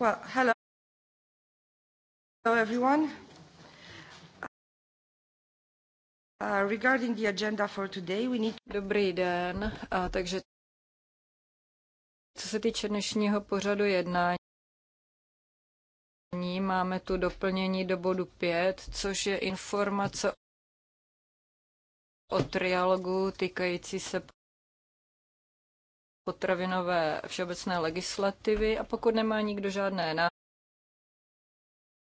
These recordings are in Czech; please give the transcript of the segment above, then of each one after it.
Well, hello. Hello, everyone. Uh, regarding the agenda for today, we need... Dobrý den, Uh, takže co se týče dnešního pořadu jednání, máme tu doplnění do bodu 5, což je informace o trialogu týkající se potravinové všeobecné legislativy a pokud nemá nikdo žádné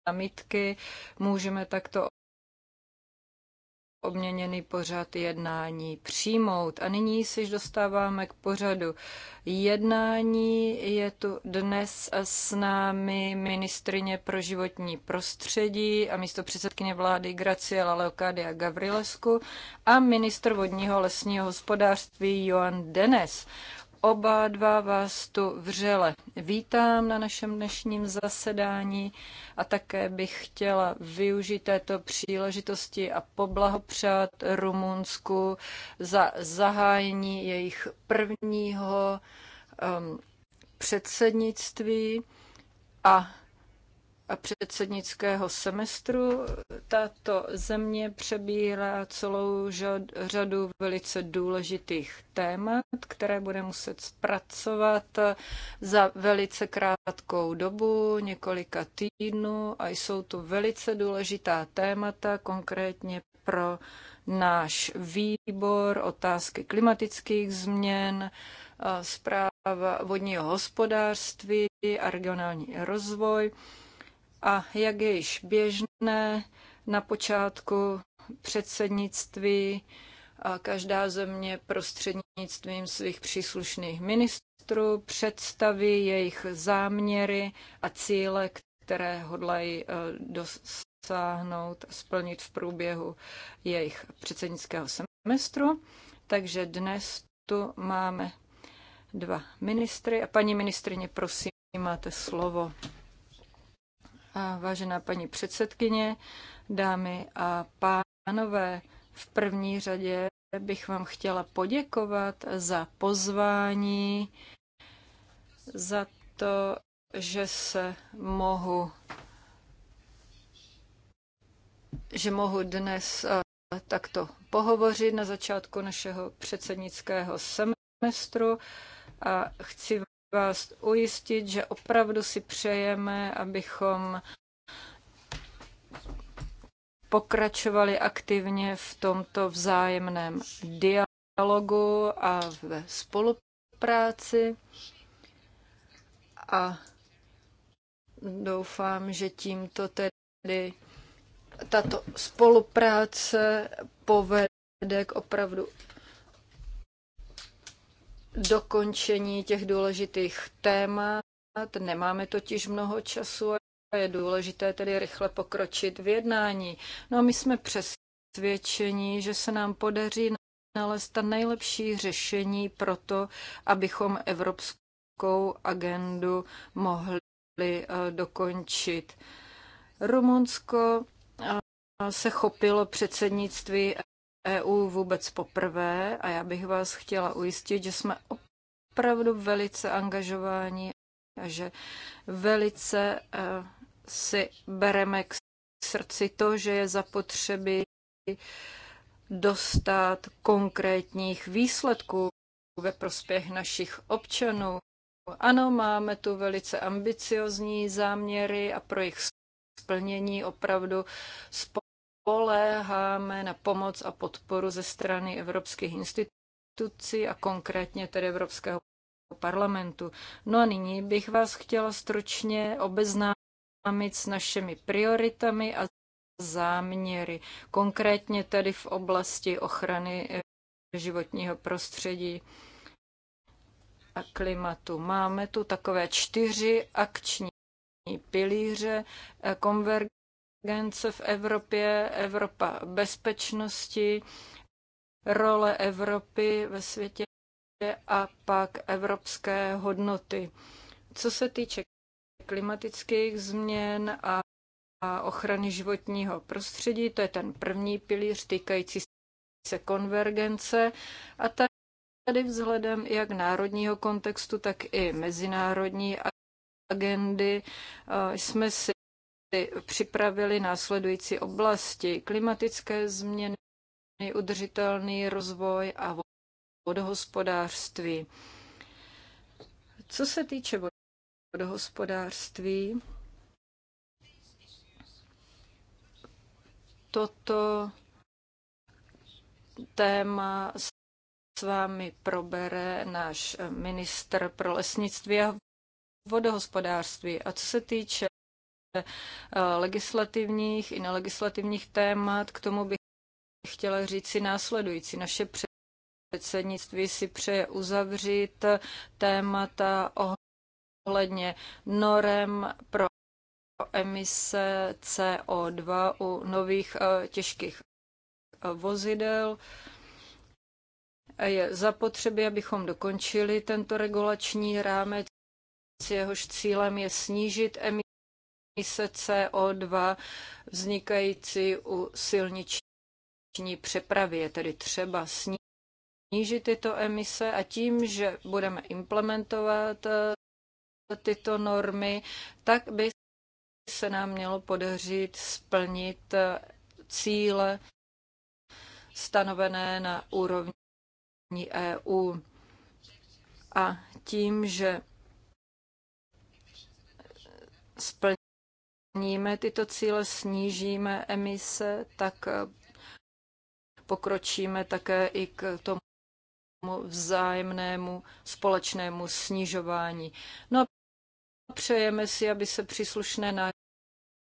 námitky, můžeme takto obměněný pořad jednání přijmout. A nyní se dostáváme k pořadu jednání. Je tu dnes s námi ministrině pro životní prostředí a místo předsedkyně vlády Graciela Leokádia Gavrilesku a ministr vodního lesního hospodářství Joan Denes. Oba dva vás tu vřele vítám na našem dnešním zasedání a také bych chtěla využít této příležitosti a poblahopřát Rumunsku za zahájení jejich prvního um, předsednictví a a předsednického semestru. Tato země přebírá celou řadu velice důležitých témat, které bude muset zpracovat za velice krátkou dobu, několika týdnů a jsou tu velice důležitá témata, konkrétně pro náš výbor, otázky klimatických změn, zpráva vodního hospodářství a regionální rozvoj. A jak je již běžné, na počátku předsednictví a každá země prostřednictvím svých příslušných ministrů představí jejich záměry a cíle, které hodlají e, dosáhnout a splnit v průběhu jejich předsednického semestru. Takže dnes tu máme dva ministry a paní ministrině, prosím, máte slovo vážená paní předsedkyně, dámy a pánové. V první řadě bych vám chtěla poděkovat za pozvání, za to, že se mohu že mohu dnes eh, takto pohovořit na začátku našeho předsednického semestru a chci vás ujistit, že opravdu si přejeme, abychom pokračovali aktivně v tomto vzájemném dialogu a ve spolupráci. A doufám, že tímto tedy tato spolupráce povede k opravdu dokončení těch důležitých témat. Nemáme totiž mnoho času a je důležité tedy rychle pokročit v jednání. No a my jsme přesvědčeni, že se nám podaří nalézt ta nejlepší řešení pro to, abychom evropskou agendu mohli eh, dokončit. Rumunsko eh, se chopilo předsednictví EU vůbec poprvé a já bych vás chtěla ujistit, že jsme opravdu velice angažováni a že velice e, si bereme k srdci to, že je zapotřebí dostat konkrétních výsledků ve prospěch našich občanů. Ano, máme tu velice ambiciozní záměry a pro jejich splnění opravdu spolu spoléháme na pomoc a podporu ze strany evropských institucí a konkrétně tedy Evropského parlamentu. No a nyní bych vás chtěla stručně obeznámit s našimi prioritami a záměry, konkrétně tedy v oblasti ochrany eh, životního prostředí a klimatu. Máme tu takové čtyři akční pilíře eh, konverg agence v Evropě, Evropa bezpečnosti, role Evropy ve světě a pak evropské hodnoty. Co se týče klimatických změn a ochrany životního prostředí, to je ten první pilíř týkající se konvergence a tady vzhledem jak národního kontextu, tak i mezinárodní agendy jsme si připravili následující oblasti klimatické změny, udržitelný rozvoj a vodohospodářství. Co se týče vodohospodářství, toto téma s vámi probere náš ministr pro lesnictví a vodohospodářství. A co se týče Eh, legislativních i nelegislativních témat. K tomu bych chtěla říct si následující. Naše předsednictví si přeje uzavřít témata ohledně norem pro emise CO2 u nových eh, těžkých eh, vozidel. Je zapotřebí, abychom dokončili tento regulační rámec. Jehož cílem je snížit emise emise CO2 vznikající u silniční přepravy. Je tedy třeba snížit tyto emise a tím, že budeme implementovat eh, tyto normy, tak by se nám mělo podařit splnit eh, cíle stanovené na úrovni EU. A tím, že splnit splníme tyto cíle, snížíme emise, tak eh, pokročíme také i k tomu vzájemnému společnému snižování. No a přejeme si, aby se příslušné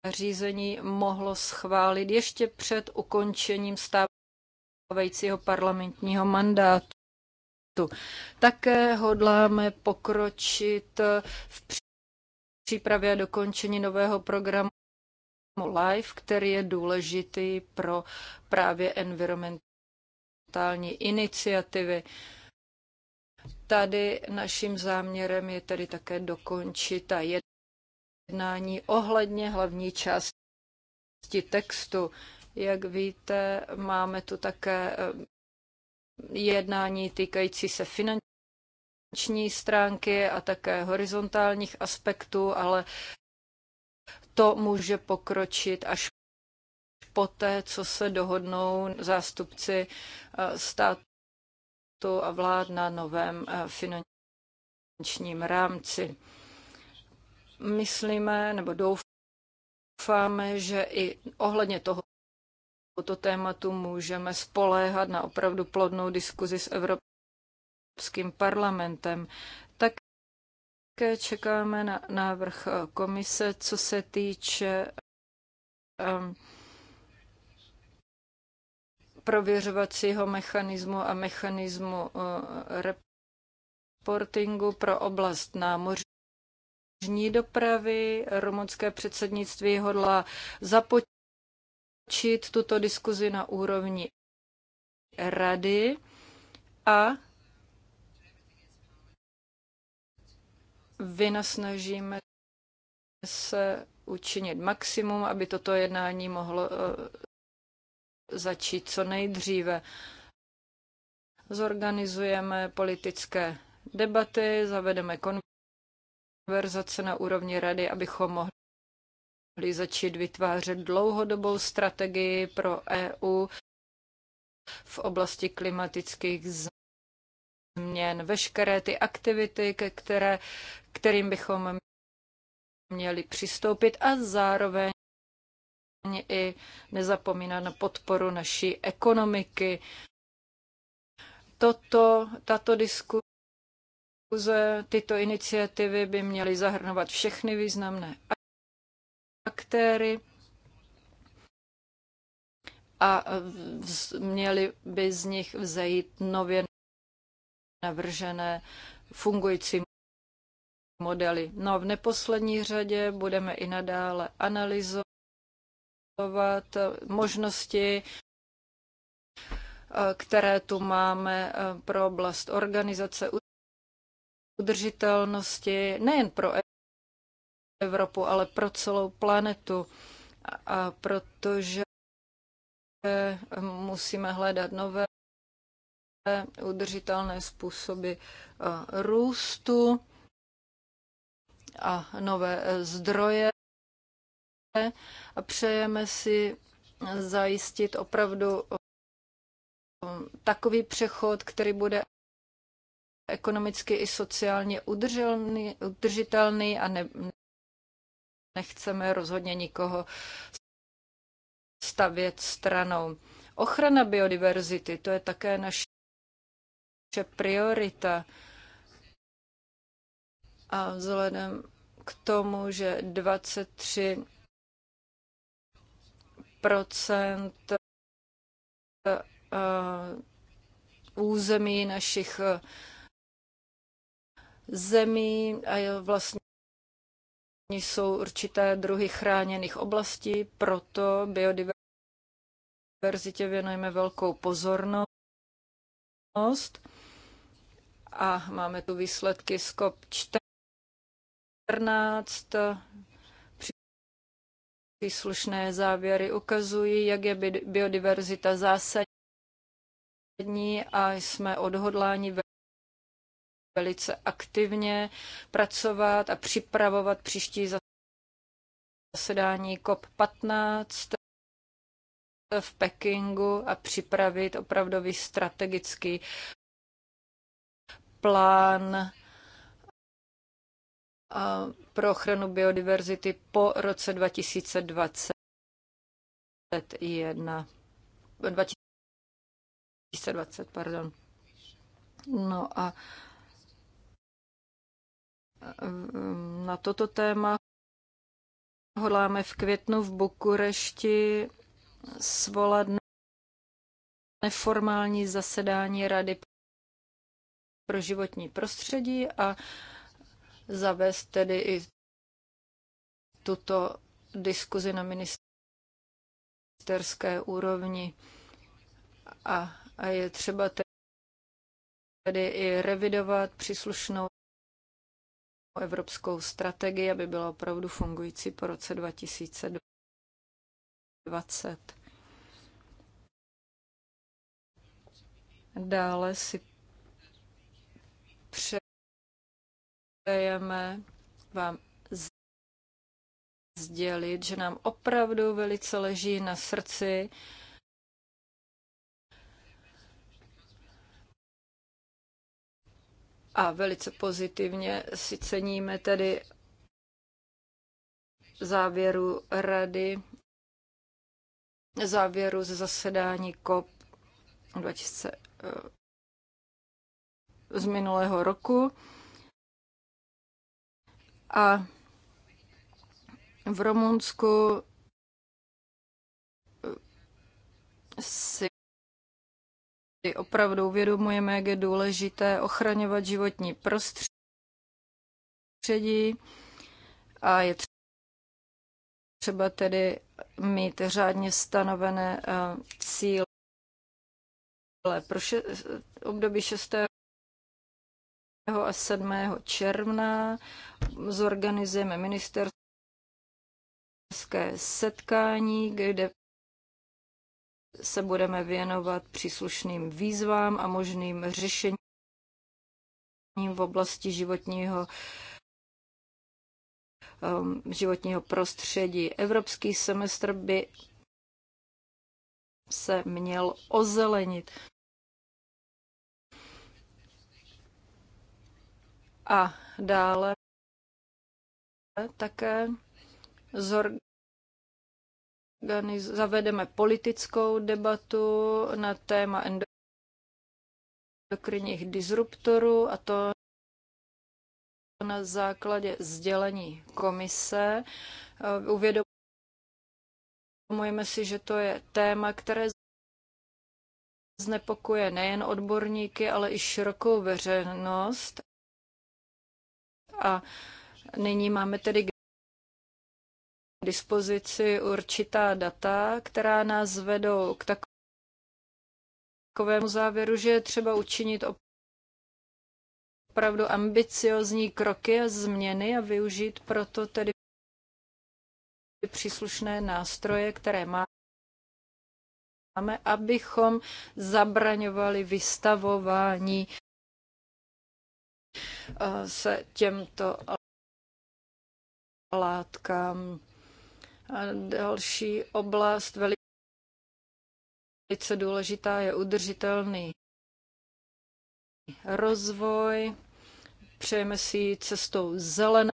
nařízení mohlo schválit ještě před ukončením stávajícího parlamentního mandátu. Také hodláme pokročit v přípravě a dokončení nového programu LIFE, který je důležitý pro právě environmentální iniciativy. Tady naším záměrem je tedy také dokončit a jednání ohledně hlavní části textu. Jak víte, máme tu také eh, jednání týkající se finanční ční stránky a také horizontálních aspektů, ale to může pokročit až poté, co se dohodnou zástupci eh, státu a vlád na novém eh, finančním rámci. Myslíme nebo doufáme, že i ohledně toho, tohoto tématu můžeme spoléhat na opravdu plodnou diskuzi s Evropou Evropským parlamentem. Také čekáme na návrh komise, co se týče um, prověřovacího mechanismu a mechanismu uh, reportingu pro oblast námořní dopravy. Rumunské předsednictví hodlá započít tuto diskuzi na úrovni rady a vynasnažíme se učinit maximum, aby toto jednání mohlo eh, začít co nejdříve. Zorganizujeme politické debaty, zavedeme konverzace na úrovni rady, abychom mohli začít vytvářet dlouhodobou strategii pro EU v oblasti klimatických změn, veškeré ty aktivity, ke které, kterým bychom měli přistoupit a zároveň i nezapomínat na podporu naší ekonomiky. Toto, tato diskuze, tyto iniciativy by měly zahrnovat všechny významné aktéry a měly by z nich vzejít nově navržené fungující modely. No a v neposlední řadě budeme i nadále analyzovat možnosti, eh, které tu máme eh, pro oblast organizace udržitelnosti, nejen pro Evropu, ale pro celou planetu, a protože musíme hledat nové Eh, udržitelné způsoby eh, růstu a nové eh, zdroje. A přejeme si zajistit opravdu takový přechod, který bude ekonomicky i sociálně udržitelný a ne, nechceme rozhodně nikoho stavět stranou. Ochrana biodiverzity, to je také naše naše priorita. A vzhledem k tomu, že 23 eh, území našich eh, zemí a vlastně jsou určité druhy chráněných oblastí, proto biodiverzitě věnujeme velkou pozornost. A máme tu výsledky z COP14. Příslušné závěry ukazují, jak je biodiverzita zásadní a jsme odhodláni velice aktivně pracovat a připravovat příští zasedání COP15 v Pekingu a připravit opravdový strategický plán eh, pro ochranu biodiverzity po roce 2021. 2020, pardon. No a eh, na toto téma hodláme v květnu v Bukurešti svolat neformální zasedání Rady pro životní prostředí a zavést tedy i tuto diskuzi na ministerské úrovni. A, a je třeba tedy i revidovat příslušnou evropskou strategii, aby byla opravdu fungující po roce 2020. Dále si přejeme vám sdělit, že nám opravdu velice leží na srdci a velice pozitivně si ceníme tedy závěru rady, závěru ze zasedání COP 2000 eh, z minulého roku. A v Rumunsku eh, si opravdu uvědomujeme, jak je důležité ochraňovat životní prostředí a je třeba tedy mít řádně stanovené eh, cíle pro še- období šestého a 7. června zorganizujeme ministerské setkání, kde se budeme věnovat příslušným výzvám a možným řešením v oblasti životního um, životního prostředí. Evropský semestr by se měl ozelenit. A dále také zorganiz- zavedeme politickou debatu na téma endokrinních disruptorů a to na základě sdělení komise. Uvědomujeme si, že to je téma, které znepokuje nejen odborníky, ale i širokou veřejnost a nyní máme tedy k dispozici určitá data, která nás vedou k takovému závěru, že je třeba učinit opravdu ambiciozní kroky a změny a využít proto tedy příslušné nástroje, které máme, abychom zabraňovali vystavování Eh, se těmto látkám. A další oblast velice důležitá je udržitelný rozvoj. Přejeme si cestou zeleného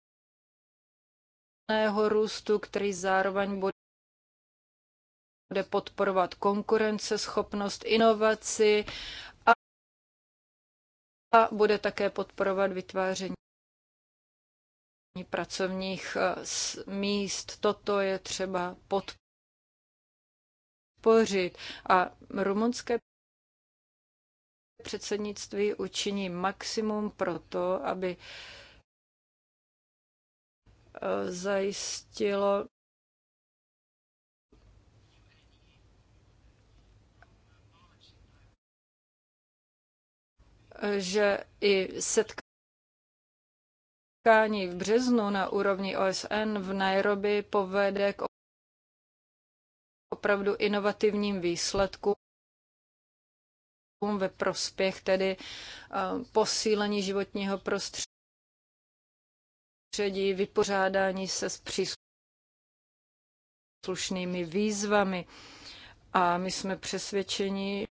růstu, který zároveň bude podporovat konkurenceschopnost, inovaci, a bude také podporovat vytváření pracovních eh, míst. Toto je třeba podpořit. A rumunské předsednictví učiní maximum pro to, aby eh, zajistilo že i setkání v březnu na úrovni OSN v Nairobi povede k opravdu inovativním výsledkům ve prospěch tedy eh, posílení životního prostředí, vypořádání se s příslušnými výzvami. A my jsme přesvědčeni,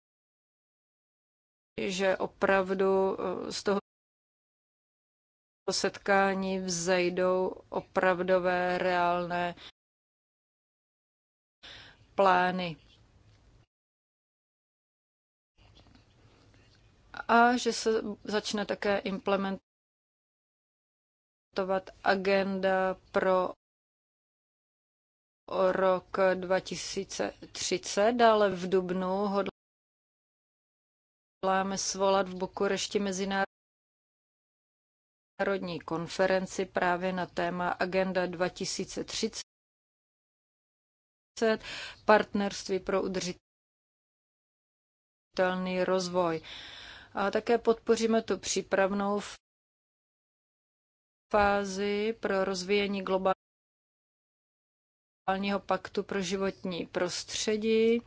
že opravdu eh, z toho setkání vzejdou opravdové, reálné plány. A že se začne také implementovat agenda pro rok 2030, dále v Dubnu hodl hodláme svolat v Bukurešti mezinárodní konferenci právě na téma Agenda 2030, partnerství pro udržitelný rozvoj. A také podpoříme tu přípravnou fázi pro rozvíjení globálního paktu pro životní prostředí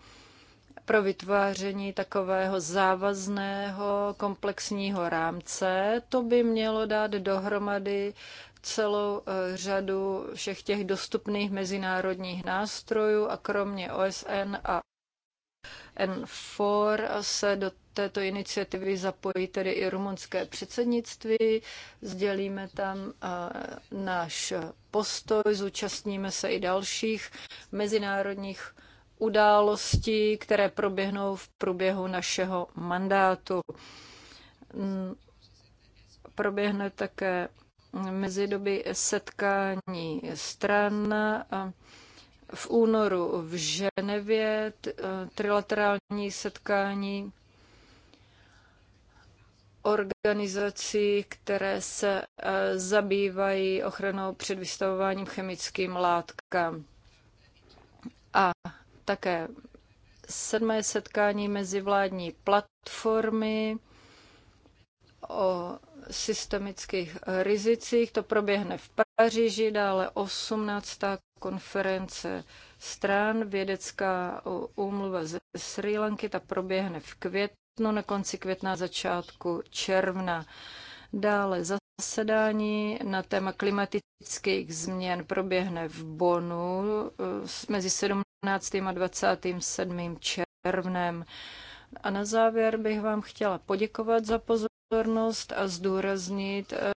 pro vytváření takového závazného komplexního rámce. To by mělo dát dohromady celou eh, řadu všech těch dostupných mezinárodních nástrojů a kromě OSN a N4 se do této iniciativy zapojí tedy i rumunské předsednictví. Sdělíme tam eh, náš postoj, zúčastníme se i dalších mezinárodních události, které proběhnou v průběhu našeho mandátu. Proběhne také doby setkání stran v únoru v Ženevě, trilaterální setkání organizací, které se eh, zabývají ochranou před vystavováním chemickým látkám. A také sedmé setkání mezivládní platformy o systemických rizicích. To proběhne v Paříži, dále 18. konference stran, vědecká úmluva ze Sri Lanky, ta proběhne v květnu, na konci května, začátku června. Dále zasedání na téma klimatických změn proběhne v Bonu eh, mezi 17. a 27. červnem. A na závěr bych vám chtěla poděkovat za pozornost a zdůraznit, eh,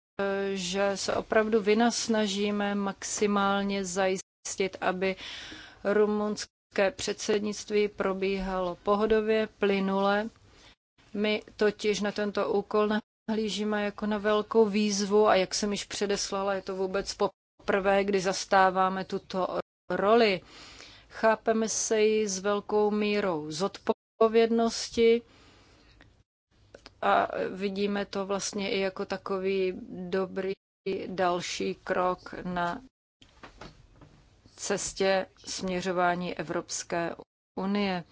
že se opravdu vynasnažíme maximálně zajistit, aby rumunské předsednictví probíhalo pohodově, plynule. My totiž na tento úkol Hlížíme jako na velkou výzvu a jak jsem již předeslala, je to vůbec poprvé, kdy zastáváme tuto roli. Chápeme se ji s velkou mírou zodpovědnosti a vidíme to vlastně i jako takový dobrý další krok na cestě směřování Evropské unie.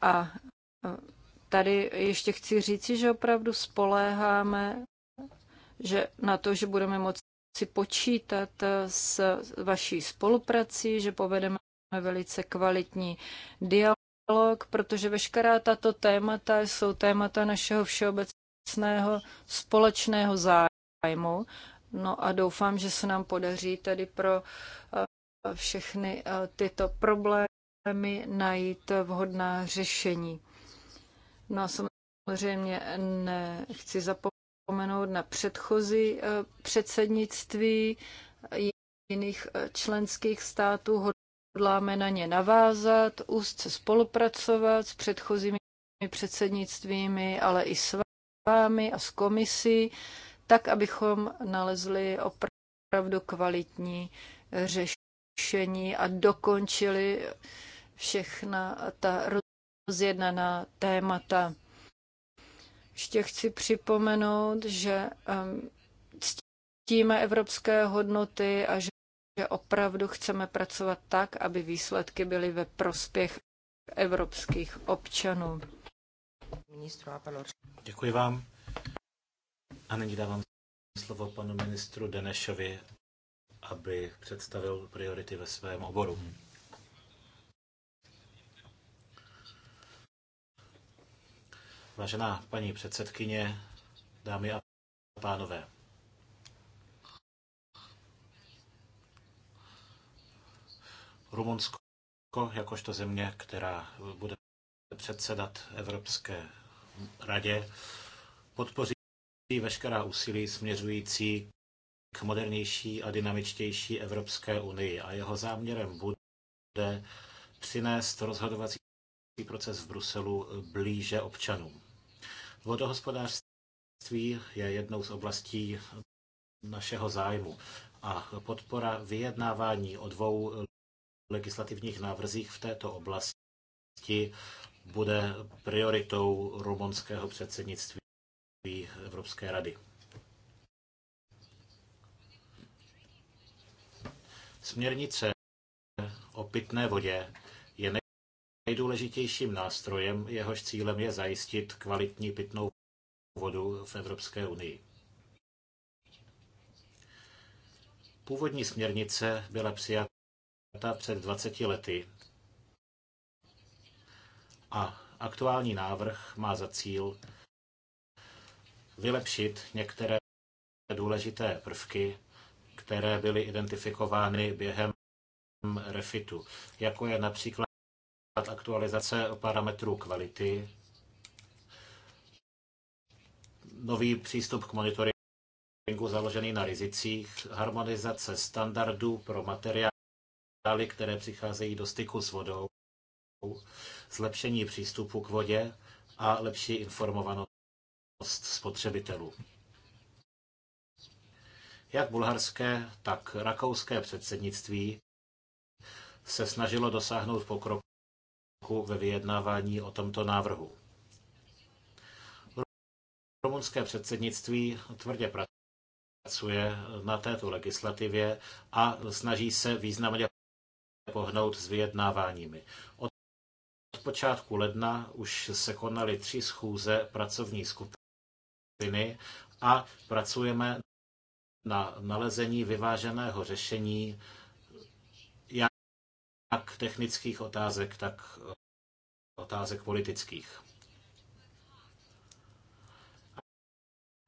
A tady ještě chci říci, že opravdu spoléháme že na to, že budeme moci počítat s vaší spoluprací, že povedeme velice kvalitní dialog, protože veškerá tato témata jsou témata našeho všeobecného společného zájmu. No a doufám, že se nám podaří tedy pro eh, všechny eh, tyto problémy najít vhodná řešení. No a samozřejmě nechci zapomenout na předchozí eh, předsednictví jiných eh, členských států. Hodláme na ně navázat, úzce spolupracovat s předchozími předsednictvími, ale i s vámi a s komisí, tak, abychom nalezli opravdu kvalitní eh, řešení a dokončili všechna ta rozjednaná témata. Ještě chci připomenout, že um, ctíme evropské hodnoty a že opravdu chceme pracovat tak, aby výsledky byly ve prospěch evropských občanů. Děkuji vám. A nyní dávám slovo panu ministru Denešovi, aby představil priority ve svém oboru. Vážená paní předsedkyně, dámy a pánové. Rumunsko jakožto země, která bude předsedat Evropské radě, podpoří veškerá úsilí směřující k modernější a dynamičtější Evropské unii a jeho záměrem bude přinést rozhodovací proces v Bruselu blíže občanům. Vodohospodářství je jednou z oblastí našeho zájmu a podpora vyjednávání o dvou legislativních návrzích v této oblasti bude prioritou rumunského předsednictví Evropské rady. Směrnice o pitné vodě nejdůležitějším nástrojem, jehož cílem je zajistit kvalitní pitnou vodu v Evropské unii. Původní směrnice byla přijata před 20 lety a aktuální návrh má za cíl vylepšit některé důležité prvky, které byly identifikovány během refitu, jako je například aktualizace parametrů kvality, nový přístup k monitoringu založený na rizicích, harmonizace standardů pro materiály, které přicházejí do styku s vodou, zlepšení přístupu k vodě a lepší informovanost spotřebitelů. Jak bulharské, tak rakouské předsednictví se snažilo dosáhnout pokroku ve vyjednávání o tomto návrhu. Rumunské předsednictví tvrdě pracuje na této legislativě a snaží se významně pohnout s vyjednáváními. Od počátku ledna už se konaly tři schůze pracovní skupiny a pracujeme na nalezení vyváženého řešení jak technických otázek, tak eh, otázek politických.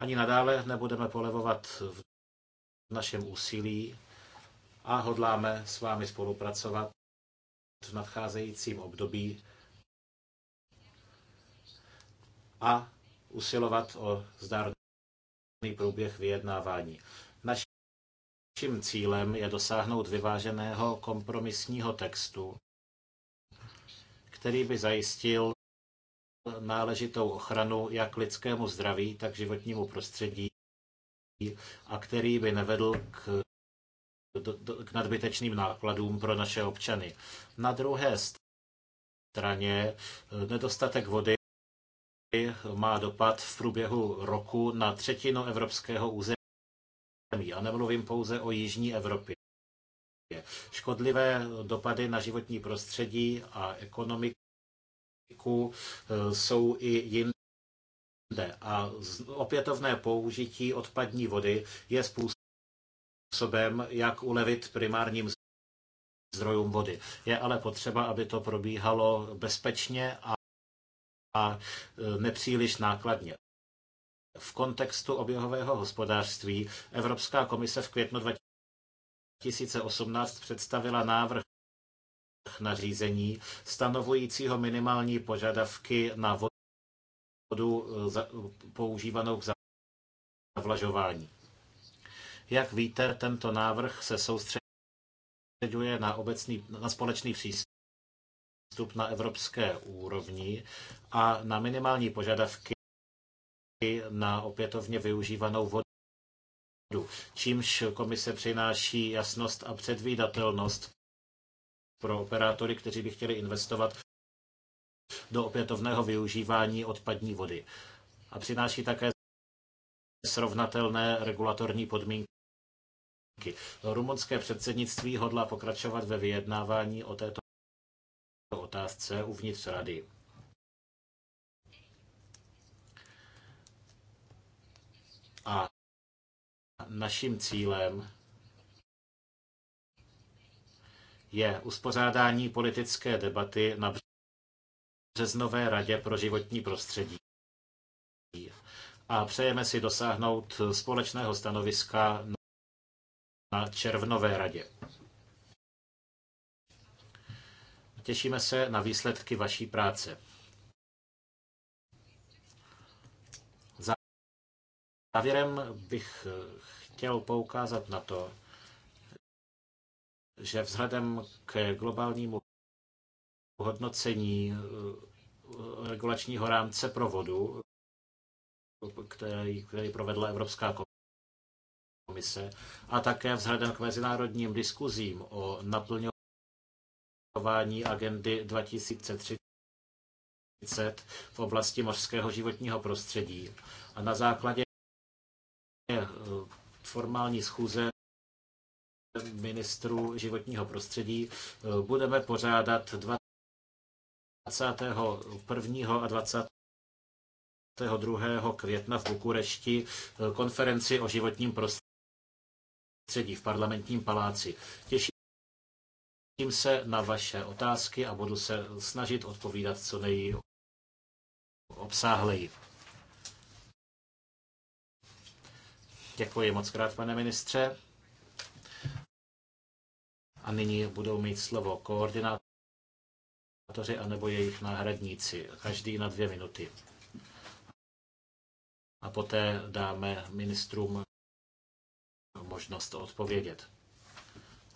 Ani nadále nebudeme polevovat v našem úsilí a hodláme s vámi spolupracovat v nadcházejícím období a usilovat o zdárný průběh vyjednávání. Naši Naším cílem je dosáhnout vyváženého kompromisního textu, který by zajistil náležitou ochranu jak lidskému zdraví, tak životnímu prostředí a který by nevedl k, k nadbytečným nákladům pro naše občany. Na druhé straně eh, nedostatek vody má dopad v průběhu roku na třetinu evropského území zemí, a nemluvím pouze o jižní Evropě. Škodlivé dopady na životní prostředí a ekonomiku eh, jsou i jinde. A opětovné použití odpadní vody je způsobem, jak ulevit primárním zdrojům vody. Je ale potřeba, aby to probíhalo bezpečně a, a eh, nepříliš nákladně. V kontextu oběhového hospodářství Evropská komise v květnu 2018 představila návrh nařízení stanovujícího minimální požadavky na vodu eh, používanou k zavlažování. Jak víte, tento návrh se soustředuje na, obecný, na společný přístup na evropské úrovni a na minimální požadavky na opětovně využívanou vodu, čímž komise přináší jasnost a předvídatelnost pro operátory, kteří by chtěli investovat do opětovného využívání odpadní vody. A přináší také srovnatelné regulatorní podmínky. Rumunské předsednictví hodlá pokračovat ve vyjednávání o této otázce uvnitř rady. A naším cílem je uspořádání politické debaty na březnové radě pro životní prostředí. A přejeme si dosáhnout společného stanoviska na červnové radě. Těšíme se na výsledky vaší práce. Závěrem bych eh, chtěl poukázat na to, že vzhledem k globálnímu hodnocení eh, regulačního rámce provodu, který, který provedla Evropská komise, a také vzhledem k mezinárodním diskuzím o naplňování agendy 2030 v oblasti mořského životního prostředí. A na základě Eh, formální schůze ministrů životního prostředí eh, budeme pořádat 21. a 20. 22. května v Bukurešti eh, konferenci o životním prostředí v parlamentním paláci. Těším se na vaše otázky a budu se snažit odpovídat co nejobsáhleji. Děkuji moc krát, pane ministře. A nyní budou mít slovo koordinátoři anebo jejich náhradníci, každý na dvě minuty. A poté dáme ministrům možnost odpovědět.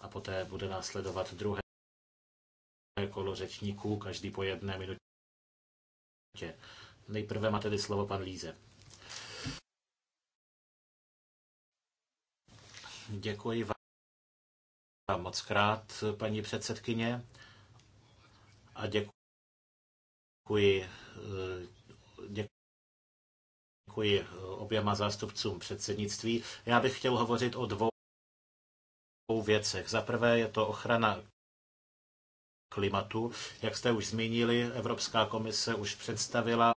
A poté bude následovat druhé kolo řečníků, každý po jedné minutě. Nejprve má tedy slovo pan Líze. Děkuji vám moc krát, paní předsedkyně, a děkuji, eh, děkuji oběma zástupcům předsednictví. Já bych chtěl hovořit o dvou věcech. Za prvé je to ochrana klimatu. Jak jste už zmínili, Evropská komise už představila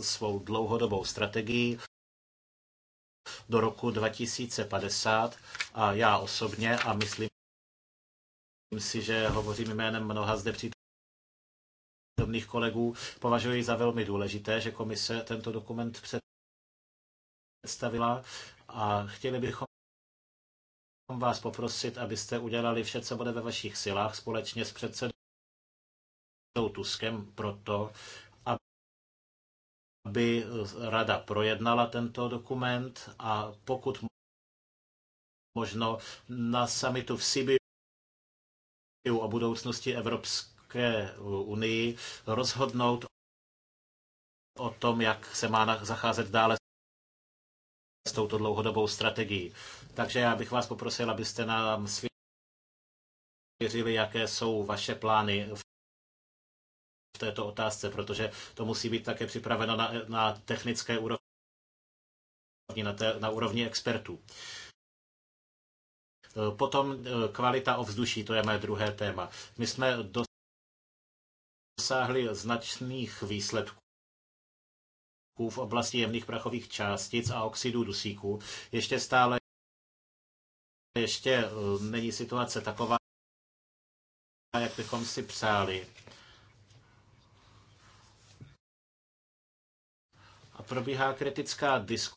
svou dlouhodobou strategii do roku 2050 a já osobně a myslím si, že hovořím jménem mnoha zde přítomných kolegů, považuji za velmi důležité, že komise tento dokument představila a chtěli bychom vás poprosit, abyste udělali vše, co bude ve vašich silách společně s předsedou Tuskem proto, aby eh, rada projednala tento dokument a pokud možno na samitu v Sibiu o budoucnosti Evropské eh, unii rozhodnout o tom, jak se má zacházet dále s touto dlouhodobou strategií. Takže já bych vás poprosil, abyste nám svěřili, jaké jsou vaše plány v v této otázce, protože to musí být také připraveno na, na technické úrovni, na, té, na úrovni expertů. Potom eh, kvalita ovzduší, to je mé druhé téma. My jsme dosáhli značných výsledků v oblasti jemných prachových částic a oxidů dusíku. Ještě stále ještě eh, není situace taková, jak bychom si přáli. probíhá kritická diskuse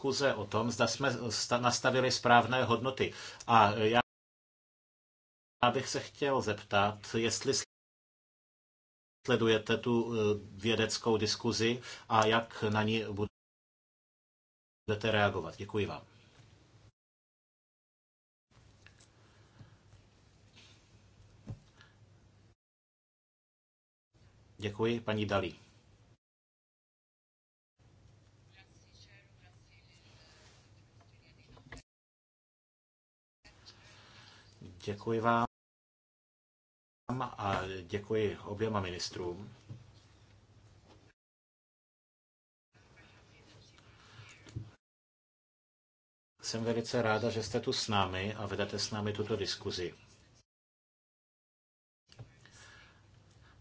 diskuze o tom, zda jsme nastavili správné hodnoty. A já bych se chtěl zeptat, jestli sledujete tu e, vědeckou diskuzi a jak na ní budete reagovat. Děkuji vám. Děkuji, paní Dalí. Děkuji vám a děkuji oběma ministrům. Jsem velice ráda, že jste tu s námi a vedete s námi tuto diskuzi.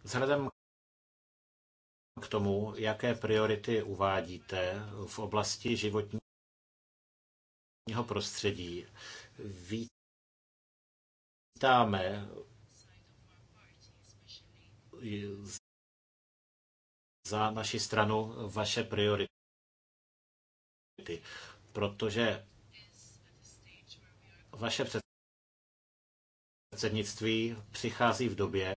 Vzhledem k tomu, jaké priority uvádíte v oblasti životního prostředí, víte, vítáme za naši stranu vaše priority, protože vaše předsednictví přichází v době,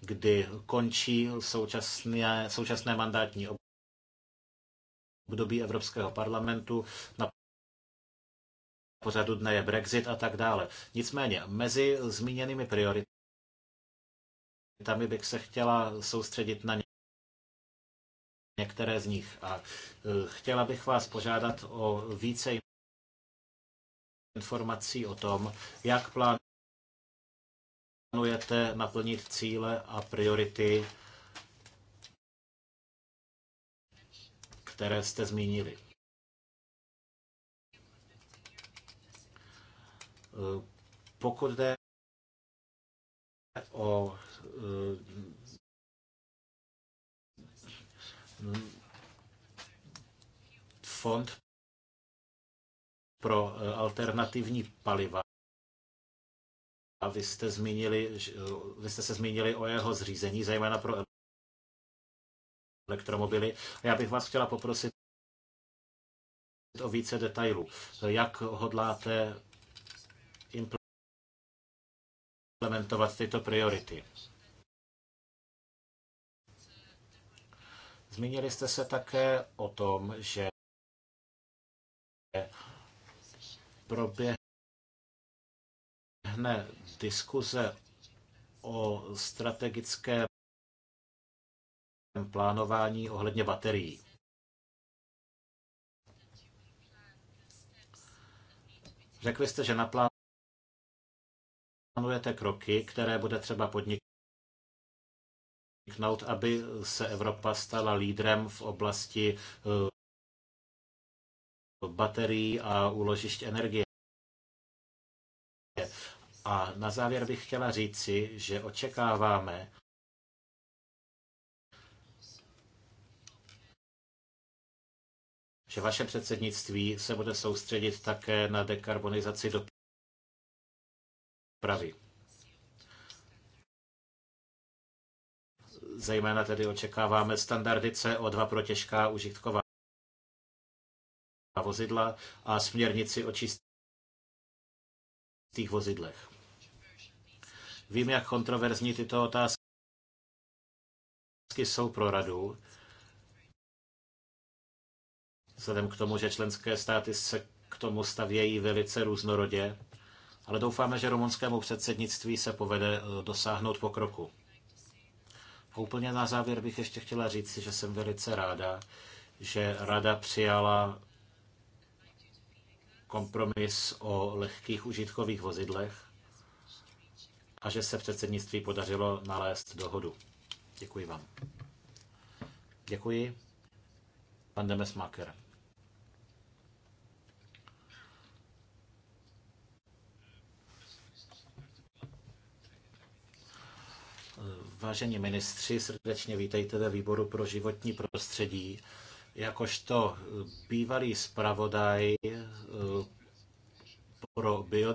kdy končí současné, současné mandátní období Evropského parlamentu. Na pořadu dne je Brexit a tak dále. Nicméně mezi zmíněnými prioritami bych se chtěla soustředit na některé z nich. A e, chtěla bych vás požádat o více informací o tom, jak plánujete naplnit cíle a priority, které jste zmínili. Eh, pokud jde o eh, fond pro eh, alternativní paliva. A vy jste, zmínili, vy jste se zmínili o jeho zřízení, zejména pro elektromobily. A já bych vás chtěla poprosit o více detailů. Jak hodláte implementovat tyto priority. Zmínili jste se také o tom, že proběhne diskuze o strategickém plánování ohledně baterií. Řekli jste, že na plán plánujete kroky, které bude třeba podniknout, aby se Evropa stala lídrem v oblasti eh, baterií a úložišť energie? A na závěr bych chtěla říci, že očekáváme, že vaše předsednictví se bude soustředit také na dekarbonizaci dopravy pravy. Zejména tedy očekáváme standardy CO2 pro těžká užitková vozidla a směrnici o čistých vozidlech. Vím, jak kontroverzní tyto otázky jsou pro radu, vzhledem k tomu, že členské státy se k tomu stavějí velice různorodě ale doufáme, že rumunskému předsednictví se povede eh, dosáhnout pokroku. A úplně na závěr bych ještě chtěla říct, že jsem velice ráda, že rada přijala kompromis o lehkých užitkových vozidlech a že se předsednictví podařilo nalézt dohodu. Děkuji vám. Děkuji. Pan Demesmaker. Vážení ministři, srdečně vítejte ve výboru pro životní prostředí. Jakožto bývalý zpravodaj eh, pro, bio,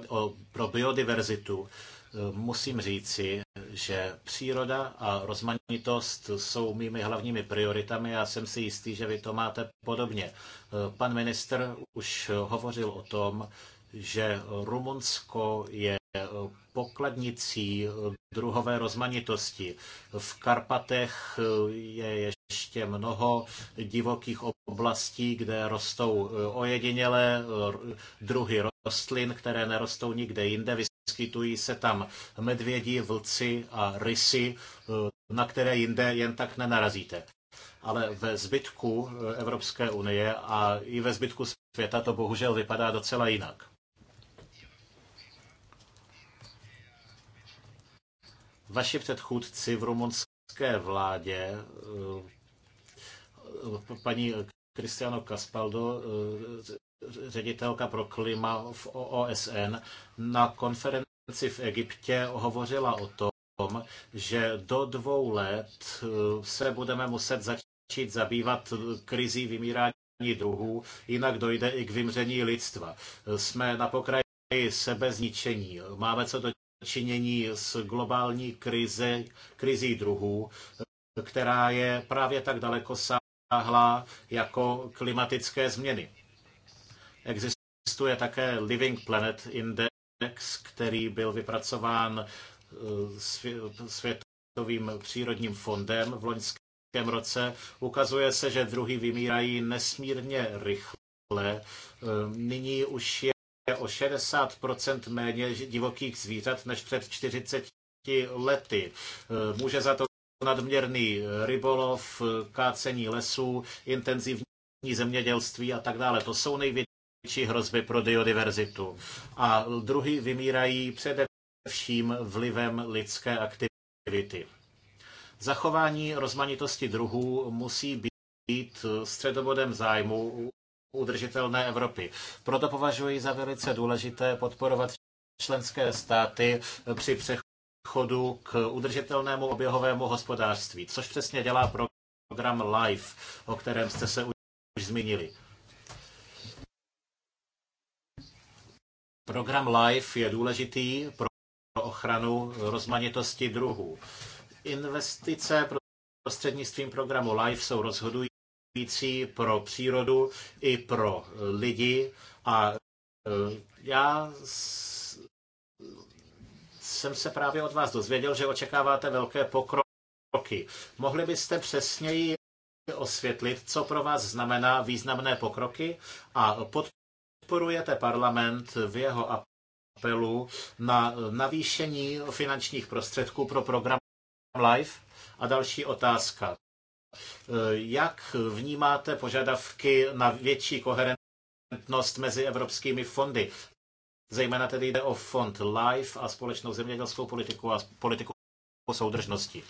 pro biodiverzitu eh, musím říci, že příroda a rozmanitost jsou mými hlavními prioritami a jsem si jistý, že vy to máte podobně. Eh, pan minister už hovořil o tom, že Rumunsko je Eh, pokladnicí eh, druhové rozmanitosti. V Karpatech eh, je ještě mnoho divokých oblastí, kde rostou ojedinělé druhy rostlin, které nerostou nikde jinde. Vyskytují se tam medvědi, vlci a rysy, na které jinde jen tak nenarazíte. Ale ve zbytku Evropské unie a i ve zbytku světa to bohužel vypadá docela jinak. Vaši předchůdci v rumunské vládě, eh, paní Cristiano Caspaldo, eh, ředitelka pro klima v OSN, na konferenci v Egyptě hovořila o tom, že do dvou let eh, se budeme muset začít zabývat krizí vymírání druhů, jinak dojde i k vymření lidstva. Jsme na pokraji sebezničení. Máme co do činění s globální krize, krizí druhů, která je právě tak daleko sáhla jako klimatické změny. Existuje také Living Planet Index, který byl vypracován eh, Světovým přírodním fondem v loňském roce. Ukazuje se, že druhy vymírají nesmírně rychle. Eh, nyní už je je o 60% méně divokých zvířat než před 40 lety. Eh, může za to nadměrný rybolov, kácení lesů, intenzivní zemědělství a tak dále. To jsou největší hrozby pro biodiverzitu. A druhy vymírají především vlivem lidské aktivity. Zachování rozmanitosti druhů musí být středobodem zájmu udržitelné Evropy. Proto považuji za velice důležité podporovat členské státy při přechodu k udržitelnému oběhovému hospodářství, což přesně dělá program LIFE, o kterém jste se už zmínili. Program LIFE je důležitý pro ochranu rozmanitosti druhů. Investice prostřednictvím programu LIFE jsou rozhodující zničující pro přírodu i pro eh, lidi. A eh, já jsem se právě od vás dozvěděl, že očekáváte velké pokroky. Mohli byste přesněji osvětlit, co pro vás znamená významné pokroky a podporujete parlament v jeho apelu na navýšení finančních prostředků pro program Life? A další otázka. Eh, jak vnímáte požadavky na větší koherentnost mezi evropskými fondy? Zejména tedy jde o fond LIFE a společnou zemědělskou politiku a politiku soudržnosti.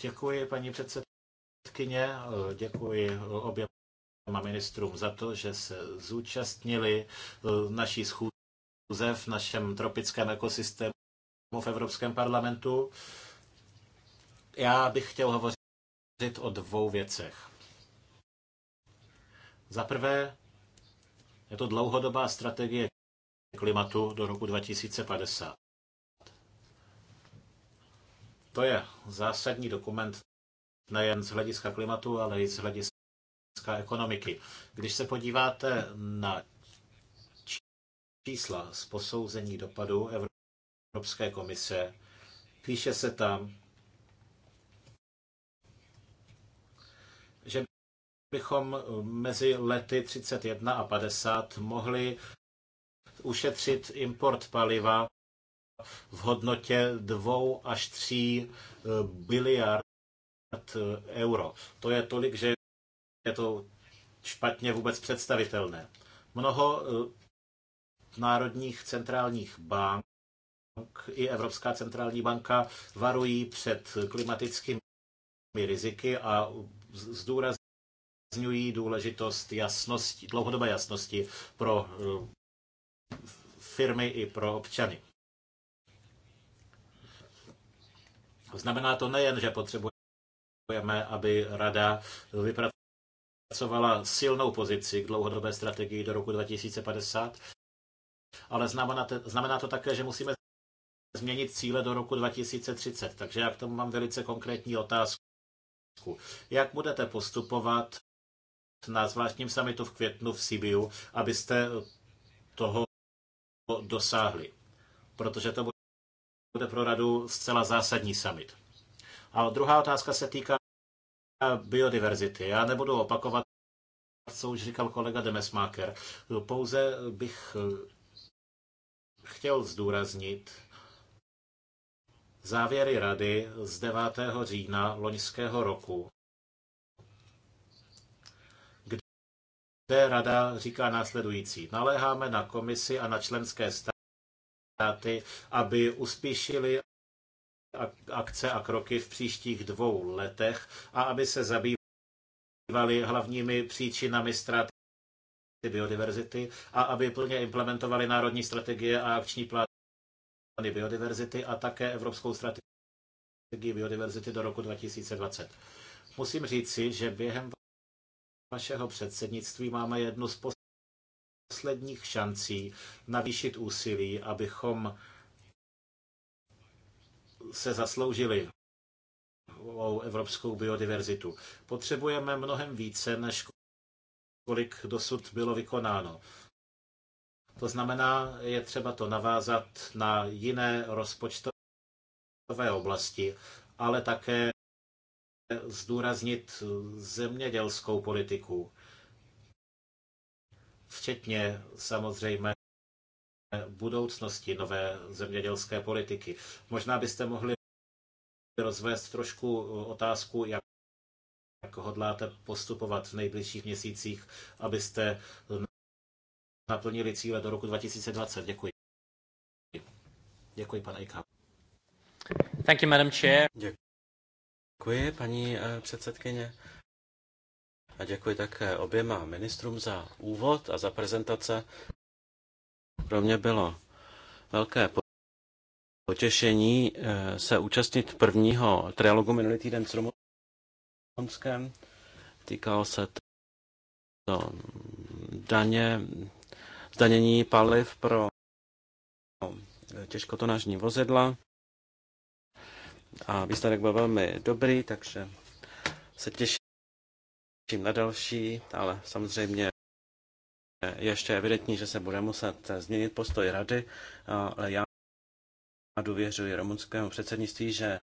Děkuji, paní předsedkyně. Eh, děkuji oběma ministrům za to, že se zúčastnili eh, naší schůze v našem tropickém ekosystému v Evropském parlamentu. Já bych chtěl hovořit o dvou věcech. Za prvé, je to dlouhodobá strategie klimatu do roku 2050. To je zásadní dokument nejen z hlediska klimatu, ale i z hlediska ekonomiky. Když se podíváte na čísla z posouzení dopadu Evropské komise. Píše se tam, že bychom mezi lety 31 a 50 mohli ušetřit import paliva v hodnotě 2 až 3 eh, biliard eh, euro. To je tolik, že je to špatně vůbec představitelné. Mnoho eh, národních centrálních bank i Evropská centrální banka varují před klimatickými riziky a zdůrazňují důležitost jasnosti, dlouhodobé jasnosti pro eh, firmy i pro občany. Znamená to nejen, že potřebujeme, aby rada vypracovala silnou pozici k dlouhodobé strategii do roku 2050, ale znamená to, znamená to také, že musíme změnit cíle do roku 2030. Takže já k tomu mám velice konkrétní otázku. Jak budete postupovat na zvláštním samitu v květnu v Sibiu, abyste toho dosáhli? Protože to bude pro radu zcela zásadní summit. A druhá otázka se týká biodiverzity. Já nebudu opakovat, co už říkal kolega Demesmaker. Pouze bych chtěl zdůraznit, závěry Rady z 9. října loňského roku, kde Rada říká následující. Naléháme na komisi a na členské státy, aby uspíšili akce a kroky v příštích dvou letech a aby se zabývali hlavními příčinami ztráty biodiverzity a aby plně implementovali národní strategie a akční plány plány biodiverzity a také Evropskou strategii biodiverzity do roku 2020. Musím říci, že během vašeho předsednictví máme jednu z posledních šancí navýšit úsilí, abychom se zasloužili o evropskou biodiverzitu. Potřebujeme mnohem více, než kolik dosud bylo vykonáno. To znamená, je třeba to navázat na jiné rozpočtové oblasti, ale také zdůraznit zemědělskou politiku, včetně samozřejmě budoucnosti nové zemědělské politiky. Možná byste mohli rozvést trošku otázku, jak hodláte postupovat v nejbližších měsících, abyste naplnili cíle do roku 2020. Děkuji. Děkuji, pane Eichhout. Thank you, Madam Chair. Děkuji, paní eh, předsedkyně. A děkuji také oběma ministrům za úvod a za prezentace. Pro mě bylo velké potěšení eh, se účastnit prvního trialogu minulý týden s Rumunskem. Týkalo se to daně zdanění paliv pro těžkotonážní vozidla. A výsledek byl velmi dobrý, takže se těším na další, ale samozřejmě je ještě evidentní, že se bude muset změnit postoj rady, ale já důvěřuji rumunskému předsednictví, že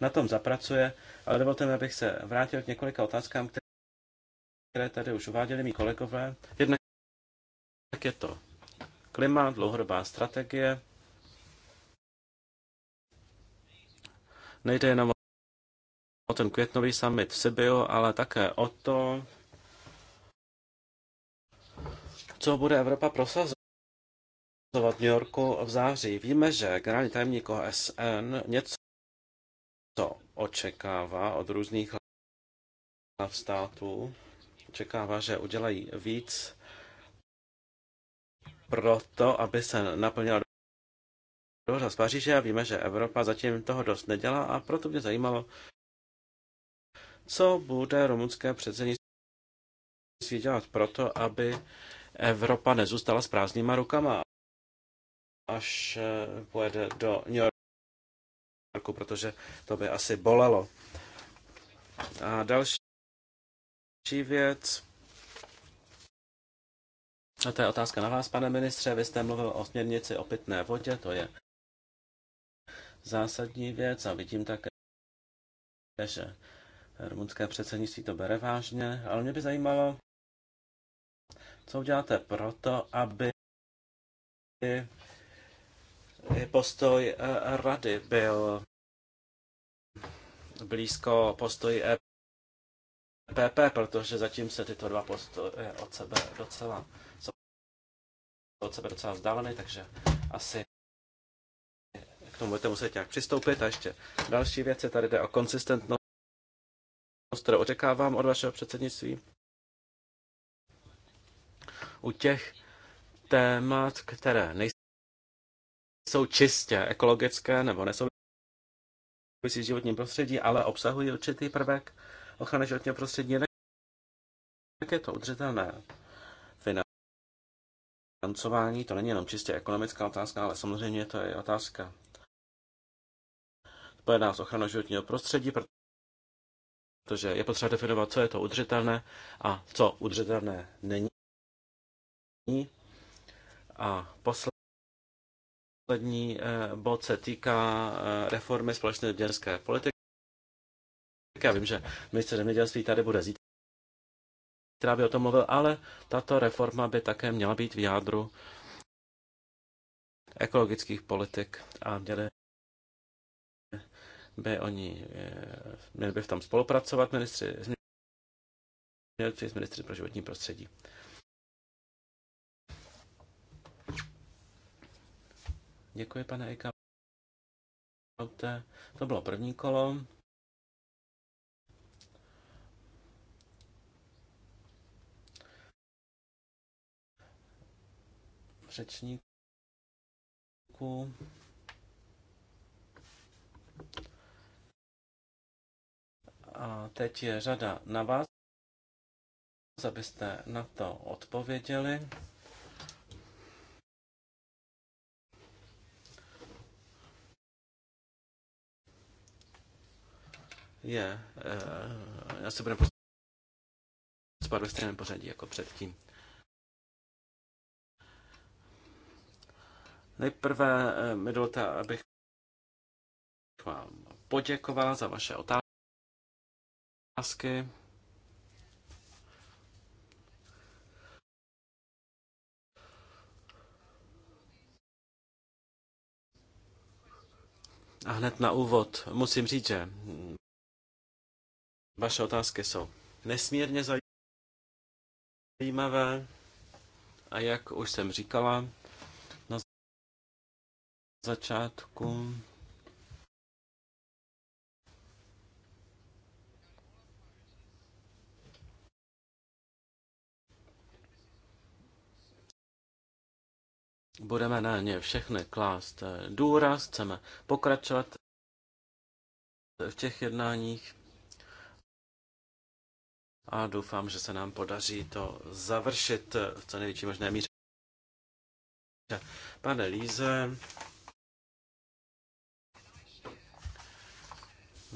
na tom zapracuje, ale dovolte mi, abych se vrátil k několika otázkám, které tady už uváděli mý kolegové. Jednak tak je to klima, dlouhodobá strategie. Nejde jenom o ten květnový summit v Sibiu, ale také o to, co bude Evropa prosazovat v New Yorku v září. Víme, že generální tajemník OSN něco to očekává od různých hlav států. Očekává, že udělají víc proto, aby se naplnila dohoda z Paříže a víme, že Evropa zatím toho dost nedělá a proto mě zajímalo, co bude rumunské předsednictví dělat proto, aby Evropa nezůstala s prázdnýma rukama, až eh, pojede do New Yorku, protože to by asi bolelo. A další věc, a to je otázka na vás, pane ministře. Vy jste mluvil o směrnici o pitné vodě, to je zásadní věc a vidím také, že rumunské předsednictví to bere vážně, ale mě by zajímalo, co uděláte proto, aby postoj eh, rady byl blízko postoji PP, protože zatím se tyto dva postoje od sebe docela od sebe docela vzdálený, takže asi k tomu budete muset nějak přistoupit. A ještě další věc je tady jde o konsistentnost, kterou očekávám od vašeho předsednictví. U těch témat, které nejsou čistě ekologické nebo nesouvisí s životním prostředí, ale obsahují určitý prvek, ochrany životního prostředí je tak je to udržitelné financování. To není jenom čistě ekonomická otázka, ale samozřejmě to je otázka spojená s ochranou životního prostředí, protože je potřeba definovat, co je to udržitelné a co udržitelné není. A poslední eh, bod se týká eh, reformy společné dělské politiky. Já vím, že ministr zemědělství tady bude zítra, která by o tom mluvil, ale tato reforma by také měla být v jádru ekologických politik a měly by oni, eh, měli by v tom spolupracovat ministři, s ministry pro životní prostředí. Děkuji, pane Eka. To bylo první kolo. řečníku. A teď je řada na vás, abyste na to odpověděli. Je, eh, já se budu postupovat ve stejném pořadí jako předtím. Nejprve eh, mi dovolte, abych vám poděkovala za vaše otázky. A hned na úvod musím říct, že vaše otázky jsou nesmírně zajímavé a jak už jsem říkala, začátku. Budeme na ně všechny klást eh, důraz, chceme pokračovat v těch jednáních a doufám, že se nám podaří to završit v co největší možné míře. Pane Líze,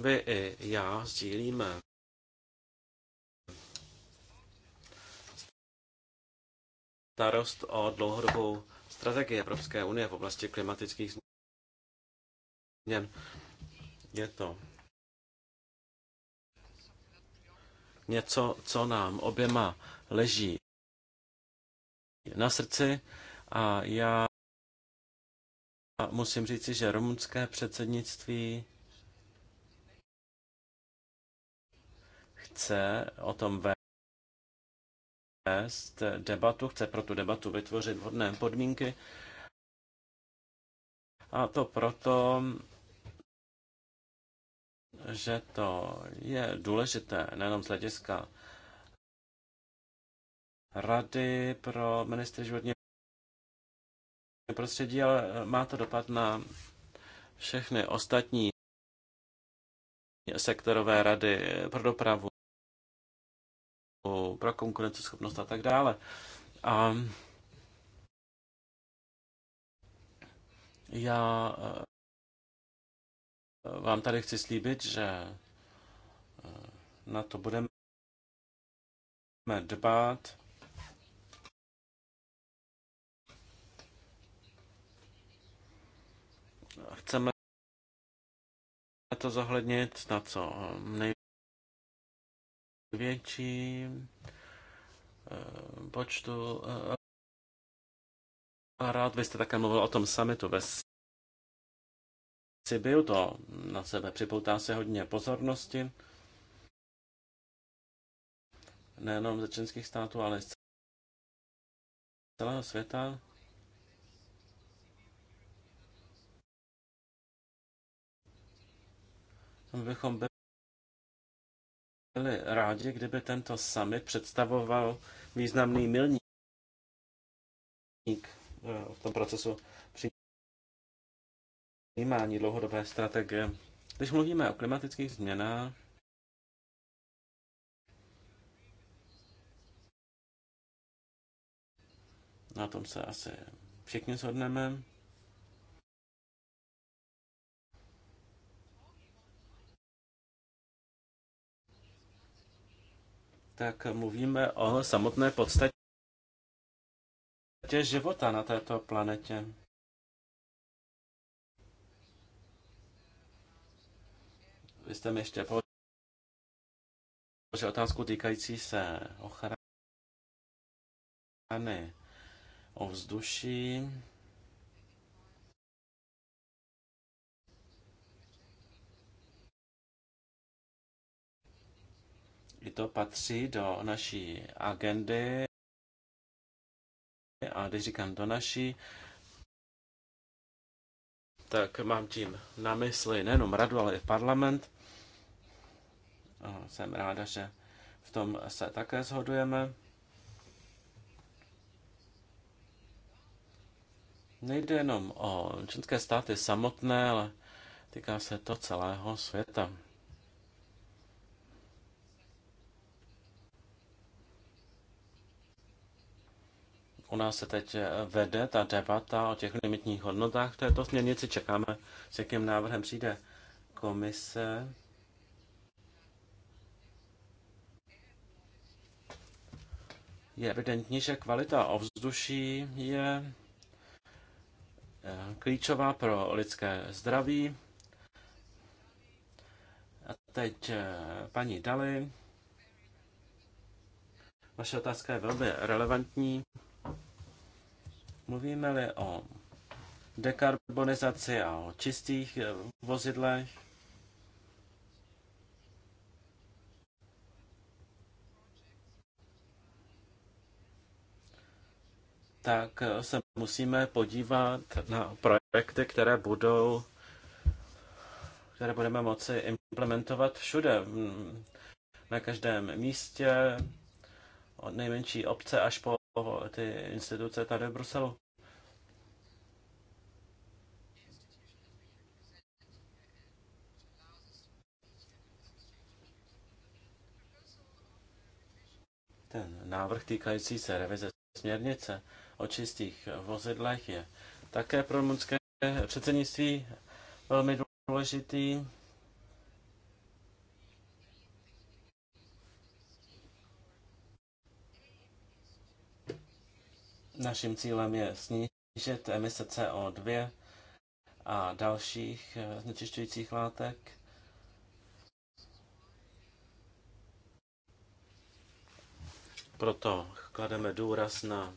Vy i já sdílíme starost o dlouhodobou strategii Evropské unie v oblasti klimatických změn. Je to něco, co nám oběma leží na srdci a já musím říci, že rumunské předsednictví chce o tom vést debatu, chce pro tu debatu vytvořit vhodné podmínky. A to proto, že to je důležité nejenom z hlediska rady pro ministry životního prostředí, ale má to dopad na všechny ostatní sektorové rady pro dopravu, pro konkurenceschopnost a tak dále. A já e, vám tady chci slíbit, že e, na to budeme dbát. Chceme to zohlednit na co e, nej větším eh, počtu. Eh, a rád byste také mluvil o tom summitu ve Sibiu, to na sebe připoutá se hodně pozornosti, nejenom ze členských států, ale z celého světa. Bychom byli byli rádi, kdyby tento summit představoval významný milník eh, v tom procesu přijímání dlouhodobé strategie. Když mluvíme o klimatických změnách, na tom se asi všichni shodneme. tak mluvíme o samotné podstatě života na této planetě. Vy jste mi ještě položil otázku týkající se ochrany ovzduší. I to patří do naší agendy. A když říkám do naší, tak mám tím na mysli nejenom radu, ale i parlament. A jsem ráda, že v tom se také shodujeme. Nejde jenom o členské státy samotné, ale týká se to celého světa. U nás se teď eh, vede ta debata o těch limitních hodnotách v této směrnici. Čekáme, s jakým návrhem přijde komise. Je evidentní, že kvalita ovzduší je eh, klíčová pro lidské zdraví. A teď eh, paní Dali. Vaše otázka je velmi relevantní. Mluvíme-li o dekarbonizaci a o čistých eh, vozidlech, tak eh, se musíme podívat na projekty, které budou, které budeme moci implementovat všude, mm, na každém místě, od nejmenší obce až po ty instituce tady v Bruselu. Ten návrh týkající se revize směrnice o čistých vozidlech je také pro rumunské předsednictví velmi důležitý. Naším cílem je snížit emise CO2 a dalších eh, znečišťujících látek. Proto klademe důraz na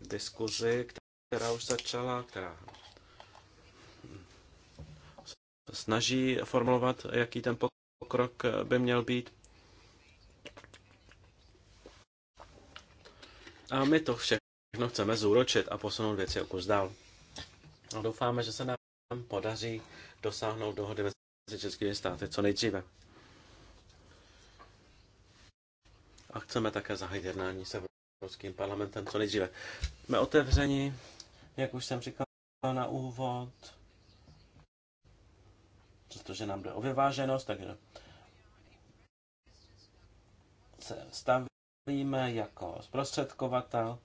diskuzi, která už začala, která snaží formulovat, jaký ten pokrok by měl být. A my to všechno chceme zúročit a posunout věci o kus dál. A doufáme, že se nám podaří dosáhnout dohody mezi českými státy co nejdříve. A chceme také zahájit jednání se Evropským parlamentem co nejdříve. Jsme otevřeni, jak už jsem říkal na úvod, protože nám jde o vyváženost, takže se staví myslíme jako zprostředkovatel.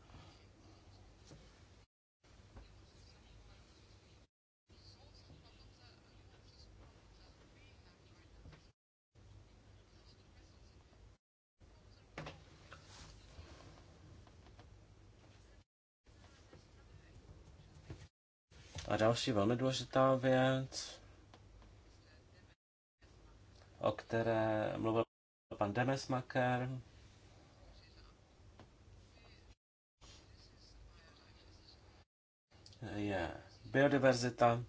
A další velmi důležitá věc, o které mluvil pan Demesmaker, je biodiverzita.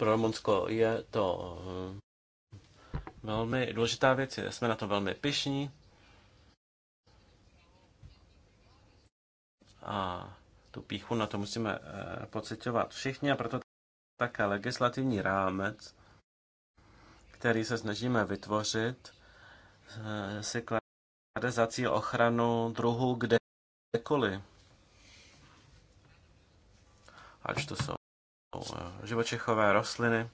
Pro Rumunsko je to eh, velmi důležitá věc, jsme na to velmi pišní. A tu píchu na to musíme eh, pocitovat všichni a proto také legislativní rámec který se snažíme vytvořit, eh, si klade za cíl ochranu druhů kdekoliv. Ať to jsou eh, živočichové rostliny,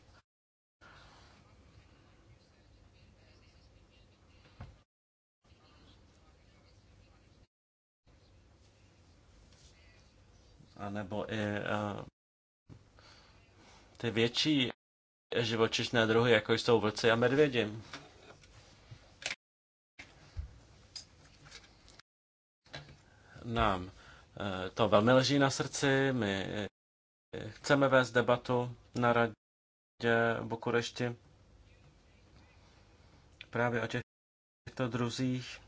nebo i uh, ty větší živočišné druhy, jako jsou vlci a medvědi. Nám eh, to velmi leží na srdci, my eh, chceme vést debatu na radě v Bukurešti právě o těchto druzích.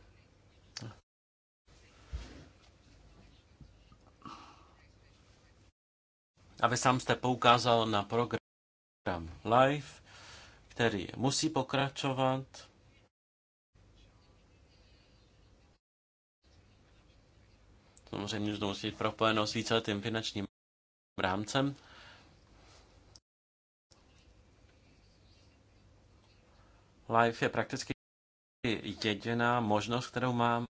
A vy sám jste poukázal na program program live, který musí pokračovat. Samozřejmě, že to musí být propojeno s víceletým finančním rámcem. Live je prakticky jediná možnost, kterou máme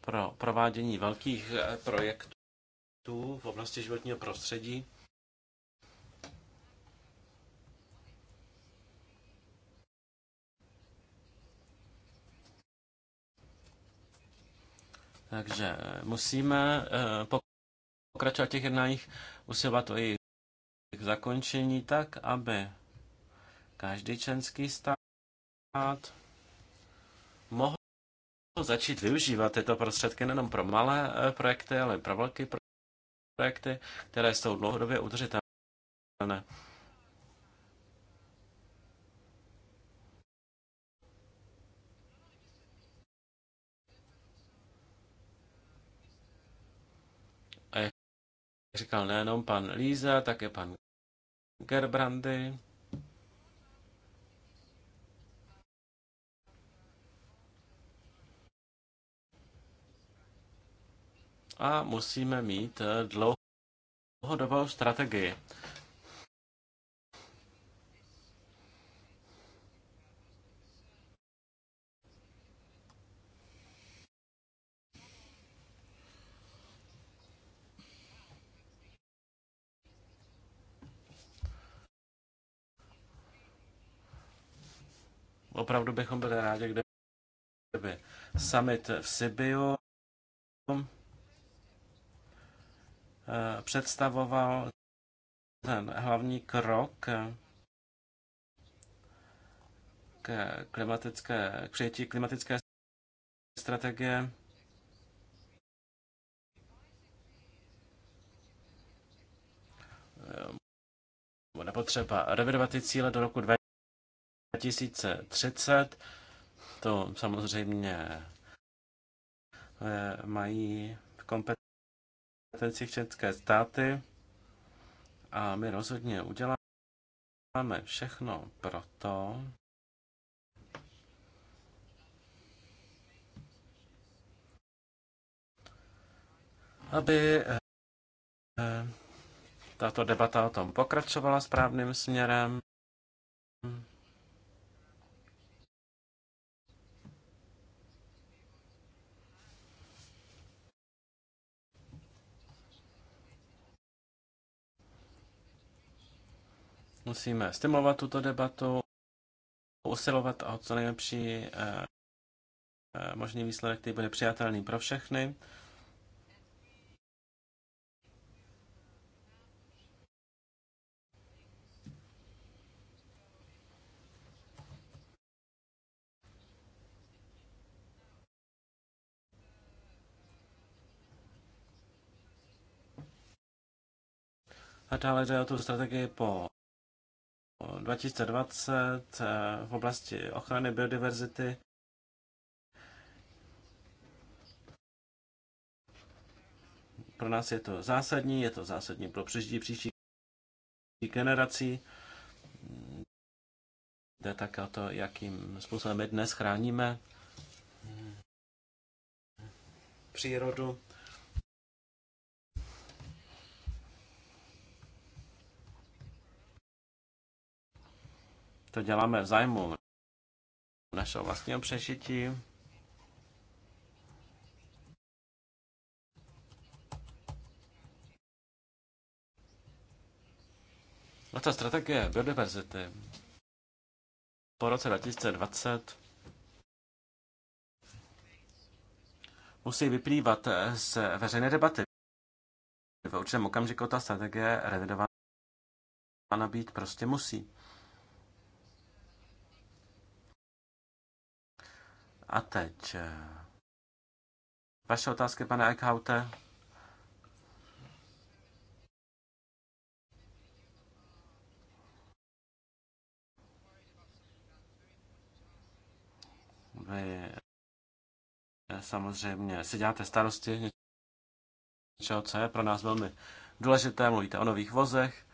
pro provádění velkých eh, projektů v oblasti životního prostředí. Takže eh, musíme eh, pokračovat v těch jednáních, usilovat o jejich zakončení tak, aby každý členský stát mohl začít využívat tyto prostředky nejenom pro malé eh, projekty, ale i pro velké projekty, které jsou dlouhodobě udržitelné. říkal nejenom pan Líza, také pan Gerbrandy. A musíme mít eh, dlouhodobou strategii Opravdu bychom byli rádi, kdyby summit v Sibiu eh, představoval ten hlavní krok eh, k, klimatické, k přijetí klimatické strategie. Eh, bude potřeba revidovat ty cíle do roku 2030. To samozřejmě eh, mají v kompetenci české státy a my rozhodně uděláme všechno pro to, aby eh, tato debata o tom pokračovala správným směrem. Musíme stimulovat tuto debatu, usilovat o co nejlepší eh, eh, možný výsledek, který bude přijatelný pro všechny. A dále jde o tu strategii po 2020 eh, v oblasti ochrany biodiverzity. Pro nás je to zásadní, je to zásadní pro přežití příští generací. Mm, jde také o to, jakým způsobem my dnes chráníme přírodu. to děláme v zájmu našeho vlastního přežití. No ta strategie biodiverzity po roce 2020 musí vyplývat z veřejné debaty. V určitém okamžiku ta strategie revidována být prostě musí. A teď eh, vaše otázky, pane Eckhaute? Vy eh, samozřejmě si děláte starosti něčeho, co je pro nás velmi důležité. Mluvíte o nových vozech,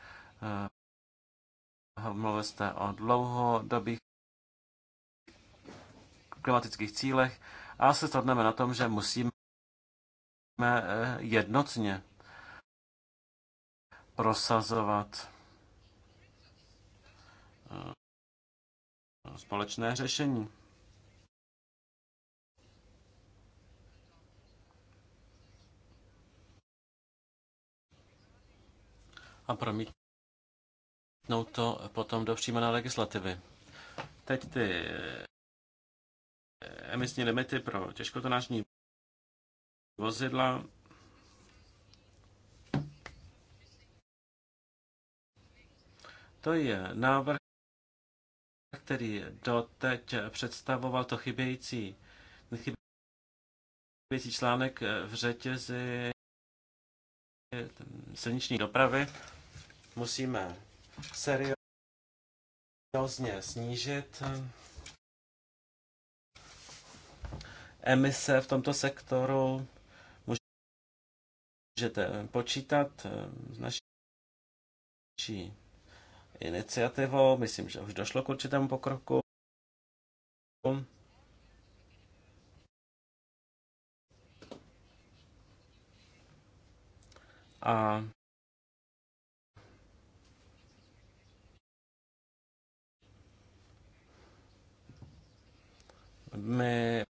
eh, mluvíte o dlouhodobých klimatických cílech a se shodneme na tom, že musíme eh, jednotně prosazovat eh, společné řešení. A promítnout to potom do přímé legislativy. Teď ty emisní limity pro těžkotonážní vozidla. To je návrh, který doteď představoval to chybějící, chybějící článek v řetězi silniční dopravy. Musíme seriózně snížit emise v tomto sektoru. Můžete eh, počítat eh, s naší iniciativou. Myslím, že už došlo k určitému pokroku. A my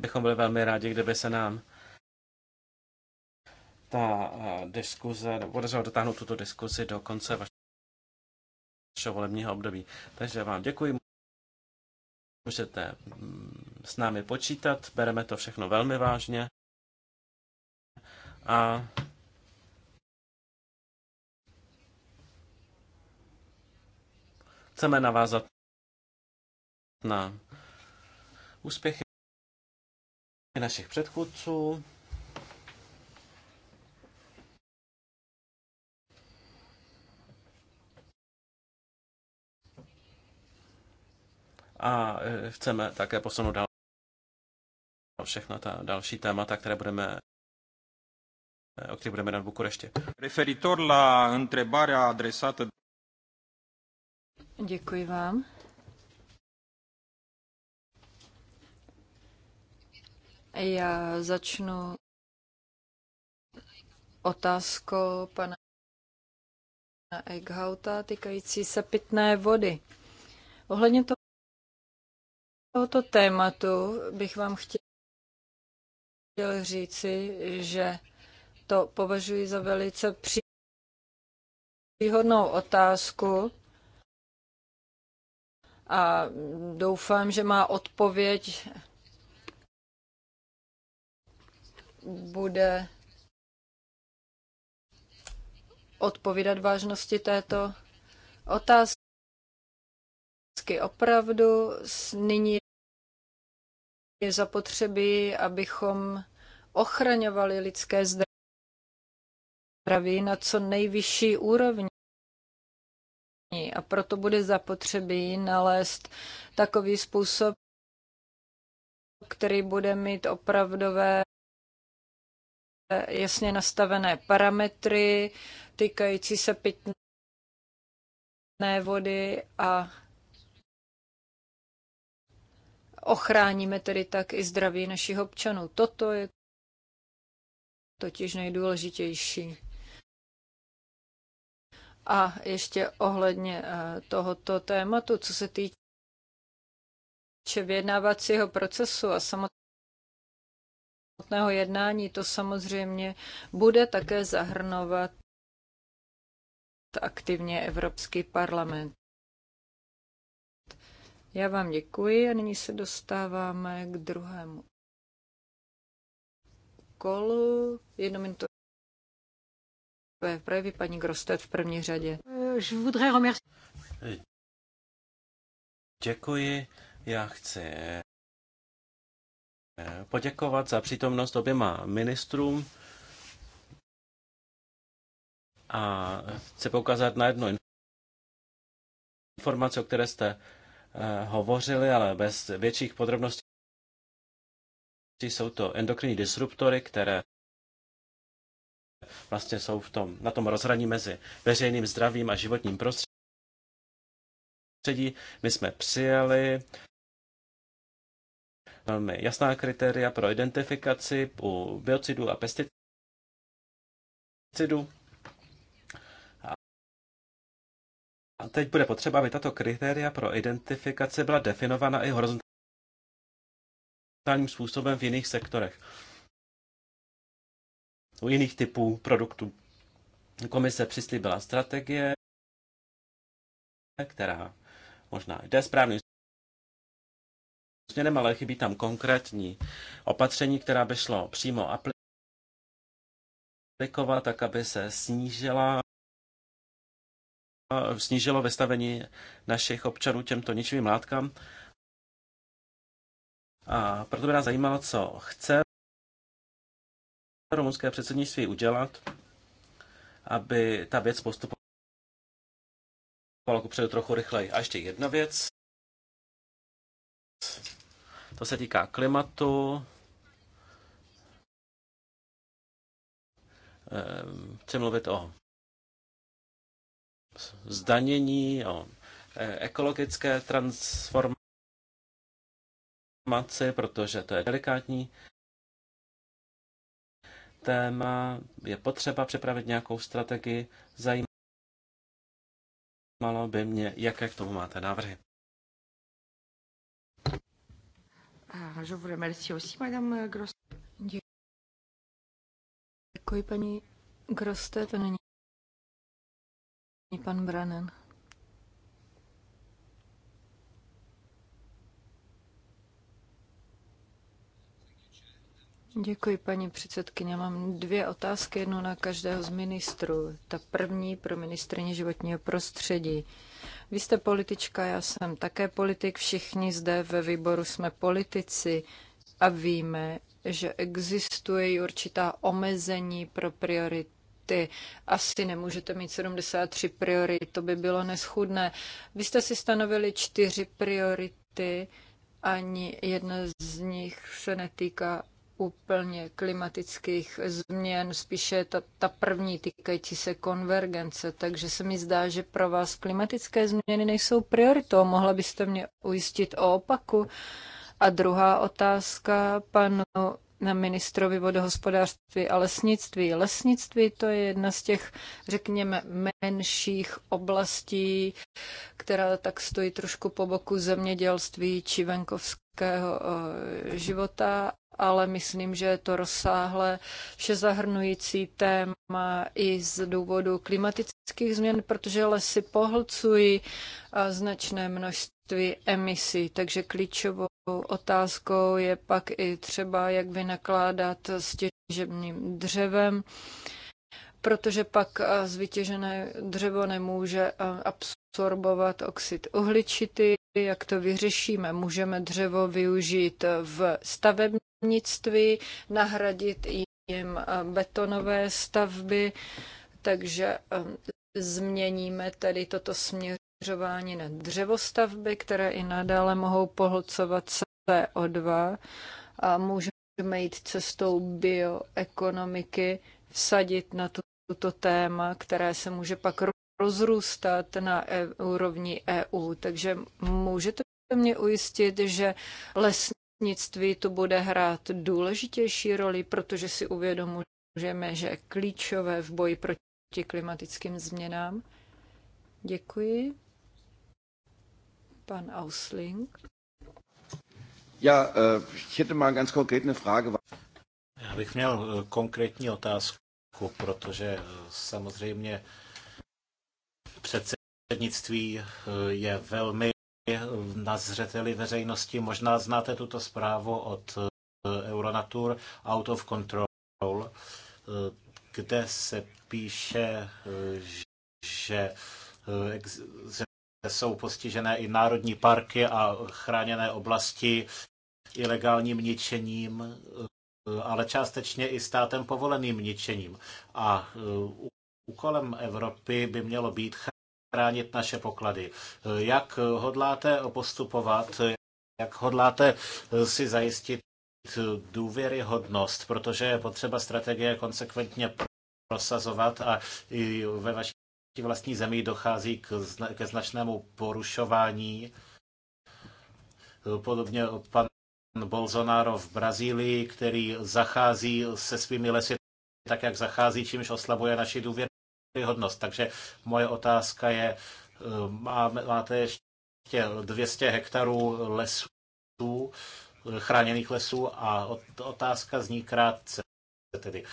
bychom byli velmi rádi, kdyby se nám ta eh, diskuze, podařilo dotáhnout tuto diskuzi do konce vašeho volebního období. Takže vám děkuji, můžete mm, s námi počítat, bereme to všechno velmi vážně a chceme navázat na úspěchy našich předchůdců. A e, chceme také posunout dál všechna ta další témata, které budeme e, o kterých budeme na Bukurešti. Referitor la întrebarea adresată Děkuji vám. Já začnu otázkou pana Eichhauta týkající se pitné vody. Ohledně tohoto tématu bych vám chtěl říci, že to považuji za velice příhodnou otázku a doufám, že má odpověď bude odpovídat vážnosti této otázky. Opravdu nyní je zapotřebí, abychom ochraňovali lidské zdraví na co nejvyšší úrovni. A proto bude zapotřebí nalézt takový způsob, který bude mít opravdové Eh, jasně nastavené parametry týkající se pitné vody a ochráníme tedy tak i zdraví našich občanů. Toto je totiž nejdůležitější. A ještě ohledně eh, tohoto tématu, co se týče vyjednávacího procesu a samotného samotného jednání. To samozřejmě bude také zahrnovat aktivně Evropský parlament. Já vám děkuji a nyní se dostáváme k druhému kolu. Jedno minuto projevy paní Grostet v první řadě. Děkuji. Já chci poděkovat za přítomnost oběma ministrům a chci poukázat na jednu informaci, o které jste eh, hovořili, ale bez větších podrobností. Jsou to endokrinní disruptory, které vlastně jsou v tom, na tom rozhraní mezi veřejným zdravím a životním prostředím. My jsme přijali velmi jasná kritéria pro identifikaci u biocidů a pesticidů. A teď bude potřeba, aby tato kritéria pro identifikaci byla definována i horizontálním způsobem v jiných sektorech, u jiných typů produktů. Komise přislíbila strategie, která možná jde správným směrem, vlastně ale chybí tam konkrétní opatření, která by šlo přímo aplikovat, tak aby se snížila snížilo vystavení našich občanů těmto ničivým látkám. A proto by nás zajímalo, co chce rumunské předsednictví udělat, aby ta věc postupovala předu trochu rychleji. A ještě jedna věc. To se týká klimatu, ehm, chci mluvit o zdanění, o e, ekologické transformaci, protože to je delikátní téma. Je potřeba připravit nějakou strategii. Zajímalo by mě, jaké k tomu máte návrhy. Ah, Děkuji, paní Groste, to není pan Branen. Děkuji, paní předsedkyně. Mám dvě otázky, jednu na každého z ministrů. Ta první pro ministrině životního prostředí. Vy jste politička, já jsem také politik, všichni zde ve výboru jsme politici a víme, že existuje určitá omezení pro priority ty asi nemůžete mít 73 priorit, to by bylo neschudné. Vy jste si stanovili čtyři priority, ani jedna z nich se netýká úplně klimatických změn, spíše ta, ta první týkající se konvergence. Takže se mi zdá, že pro vás klimatické změny nejsou prioritou. Mohla byste mě ujistit o opaku? A druhá otázka panu na ministrovi vodohospodářství a lesnictví. Lesnictví to je jedna z těch, řekněme, menších oblastí, která tak stojí trošku po boku zemědělství či venkovského eh, života ale myslím, že je to rozsáhlé všezahrnující téma i z důvodu klimatických změn, protože lesy pohlcují značné množství emisí, takže klíčovou otázkou je pak i třeba, jak vynakládat s těžebním dřevem, protože pak zvytěžené dřevo nemůže absorbovat oxid uhličitý. Jak to vyřešíme? Můžeme dřevo využít v stavební stavebnictví, nahradit jim eh, betonové stavby, takže eh, změníme tedy toto směřování na dřevostavby, které i nadále mohou pohlcovat CO2 a můžeme jít cestou bioekonomiky, vsadit na tuto téma, které se může pak rozrůstat na e, úrovni EU. Takže můžete mě ujistit, že lesní Nictví tu bude hrát důležitější roli, protože si uvědomujeme, že je klíčové v boji proti klimatickým změnám. Děkuji. Pan Ausling. Já, ich hätte mal ganz Frage. Já bych měl eh, konkrétní otázku, protože eh, samozřejmě předsednictví eh, je velmi na zřeteli veřejnosti. Možná znáte tuto zprávu od eh, Euronatur Out of Control, eh, kde se píše, eh, že, že jsou postižené i národní parky a chráněné oblasti ilegálním ničením, ale částečně i státem povoleným ničením. A úkolem Evropy by mělo být chránit naše poklady. Eh, jak hodláte postupovat, jak hodláte eh, si zajistit eh, důvěryhodnost, protože je potřeba strategie konsekventně prosazovat a i ve vaší vlastní zemi dochází k, ke značnému porušování. Podobně pan Bolsonaro v Brazílii, který zachází se svými lesy tak, jak zachází, čímž oslabuje naši důvěru hodnost. Takže moje otázka je, eh, máte ještě 200 hektarů lesů, chráněných lesů a otázka zní krátce tedy.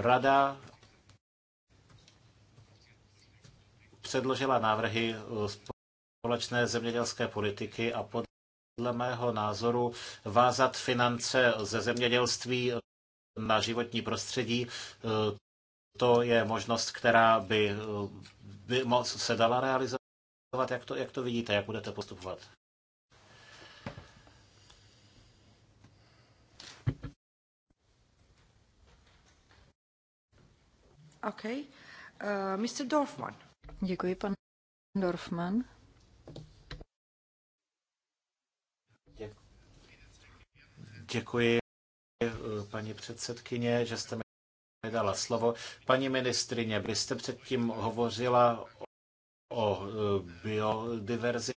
Rada předložila návrhy eh, společné zemědělské politiky a podle mého názoru vázat finance ze zemědělství na životní prostředí, eh, to je možnost, která by, eh, by moc se dala realizovat. Jak to, jak to vidíte, jak budete postupovat? OK. Uh, eh, Mr. Dorfman. Děkuji, pan Dorfman. Děkuji, eh, paní předsedkyně, že jste mi mi dala slovo. Paní ministrině, vy jste předtím hovořila o biodiverzitě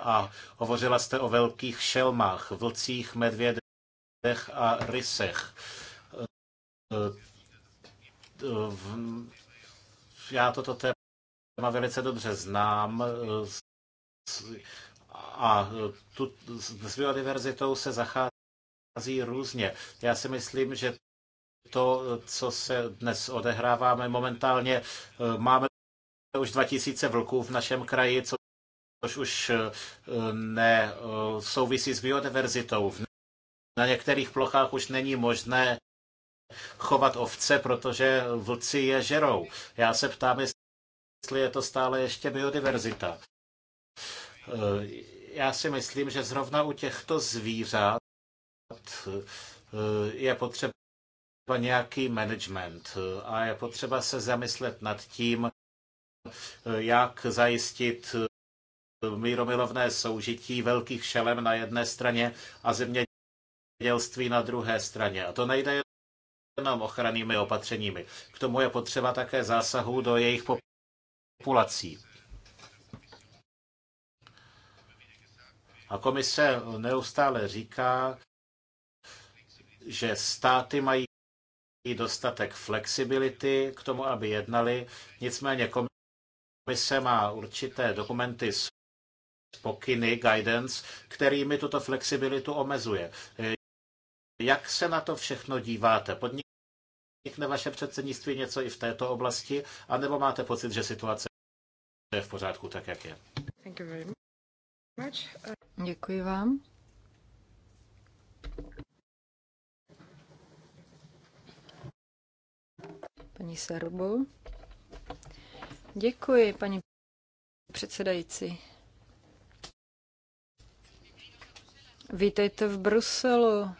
a hovořila jste o velkých šelmách, vlcích, medvědech a rysech. E, e, já toto téma velice dobře znám e, a tu, s biodiverzitou se zachází různě. Já si myslím, že to, co se dnes odehráváme momentálně. Eh, máme už 2000 vlků v našem kraji, což už eh, ne eh, souvisí s biodiverzitou. Na některých plochách už není možné chovat ovce, protože vlci je žerou. Já se ptám, jestli je to stále ještě biodiverzita. Já si myslím, že zrovna u těchto zvířat je potřeba potřeba nějaký management a je potřeba se zamyslet nad tím, jak zajistit míromilovné soužití velkých šelem na jedné straně a zemědělství na druhé straně. A to nejde jenom ochrannými opatřeními. K tomu je potřeba také zásahu do jejich populací. A komise neustále říká, že státy mají i dostatek flexibility k tomu, aby jednali. Nicméně komise má určité dokumenty s pokyny, guidance, kterými tuto flexibilitu omezuje. Jak se na to všechno díváte? Podnikne vaše předsednictví něco i v této oblasti, a nebo máte pocit, že situace je v pořádku tak, jak je? Uh, Děkuji vám. Paní Serbo. Děkuji, paní předsedající. Vítejte v Bruselu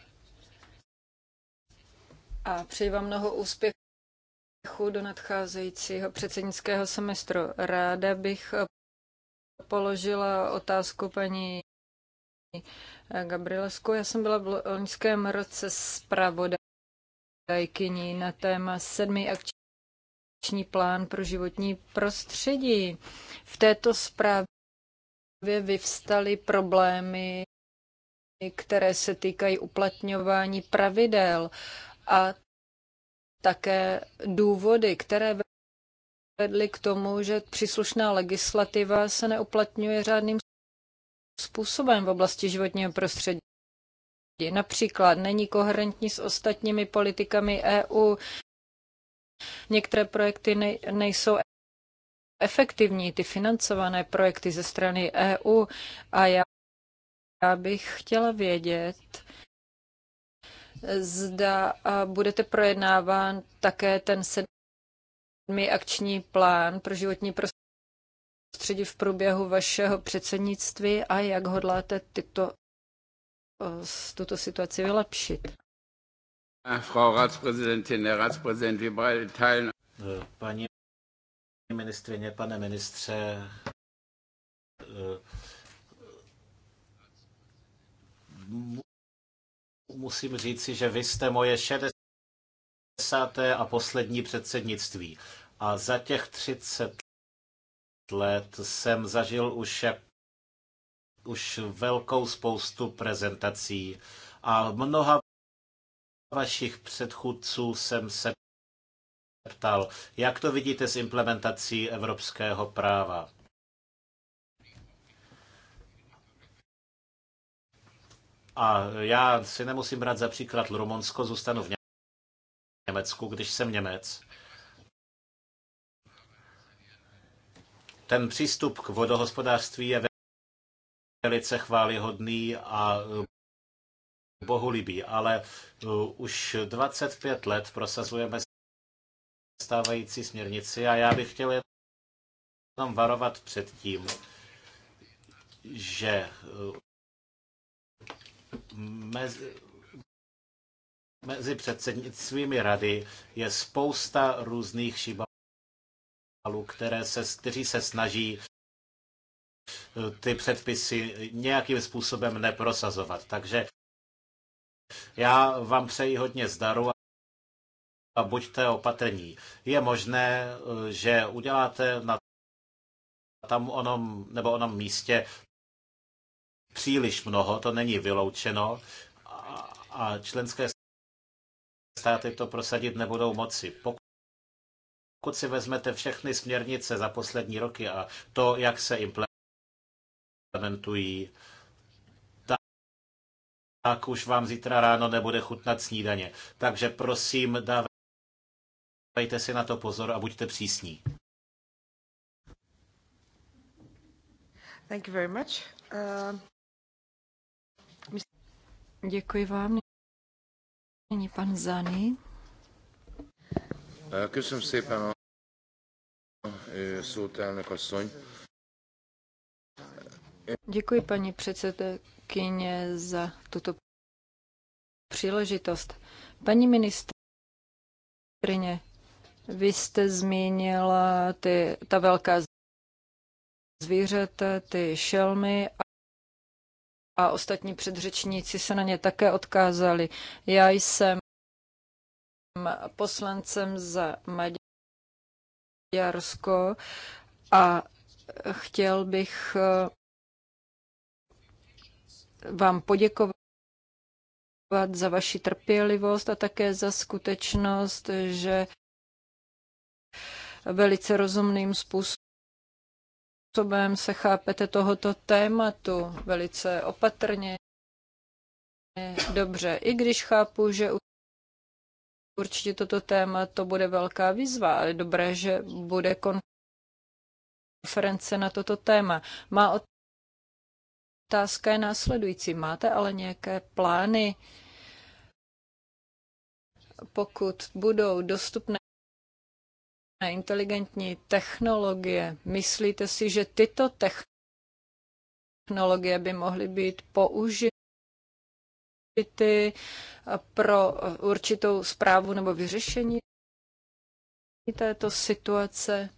a přeji vám mnoho úspěchů do nadcházejícího předsednického semestru. Ráda bych položila otázku paní Gabrielsku. Já jsem byla v loňském roce zpravodaj zpravodajkyní na téma sedmý akční plán pro životní prostředí. V této zprávě vyvstaly problémy, které se týkají uplatňování pravidel a také důvody, které vedly k tomu, že příslušná legislativa se neuplatňuje řádným způsobem v oblasti životního prostředí. Například není koherentní s ostatními politikami EU. Některé projekty nejsou efektivní, ty financované projekty ze strany EU. A já, já bych chtěla vědět, zda budete projednáván také ten sedmý akční plán pro životní prostředí v průběhu vašeho předsednictví a jak hodláte tyto tuto situaci vylepšit. Frau Ratspräsidentin, Herr Ratspräsident, wir beide teilen. Eh, paní ministrině, pane ministře, eh, musím říci, že vy jste moje 60. a poslední předsednictví. A za těch 30 let jsem zažil už už velkou spoustu prezentací a mnoha vašich předchůdců jsem se ptal, jak to vidíte s implementací evropského práva. A já si nemusím brát za příklad Rumunsko, zůstanu v Německu, když jsem Němec. Ten přístup k vodohospodářství je velice chválihodný a eh, bohulibý, ale eh, už 25 let prosazujeme stávající směrnici a já bych chtěl jenom varovat před tím, že eh, mezi, mezi předsednictvími rady je spousta různých šibalů, které se, kteří se snaží ty předpisy nějakým způsobem neprosazovat. Takže já vám přeji hodně zdaru a buďte opatrní. Je možné, že uděláte na tam onom, nebo onom místě příliš mnoho, to není vyloučeno a členské státy to prosadit nebudou moci. Pokud si vezmete všechny směrnice za poslední roky a to, jak se implementují, implementují, tak už vám zítra ráno nebude chutnat snídaně. Takže prosím, dávejte si na to pozor a buďte přísní. Thank you very much. Uh... Děkuji vám. Není pan Zany. Köszönöm szépen a e, szót, elnök asszony. Děkuji paní předsedkyně za tuto příležitost. Paní ministrině, vy jste zmínila ty, ta velká zvířata, ty šelmy a, a ostatní předřečníci se na ně také odkázali. Já jsem poslancem za Maďarsko a chtěl bych eh, vám poděkovat za vaši trpělivost a také za skutečnost, že velice rozumným způsobem se chápete tohoto tématu velice opatrně. Dobře, i když chápu, že určitě toto téma to bude velká výzva, ale dobré, že bude konference na toto téma. Má otázka je následující. Máte ale nějaké plány, pokud budou dostupné inteligentní technologie, myslíte si, že tyto technologie by mohly být použity pro určitou zprávu nebo vyřešení této situace?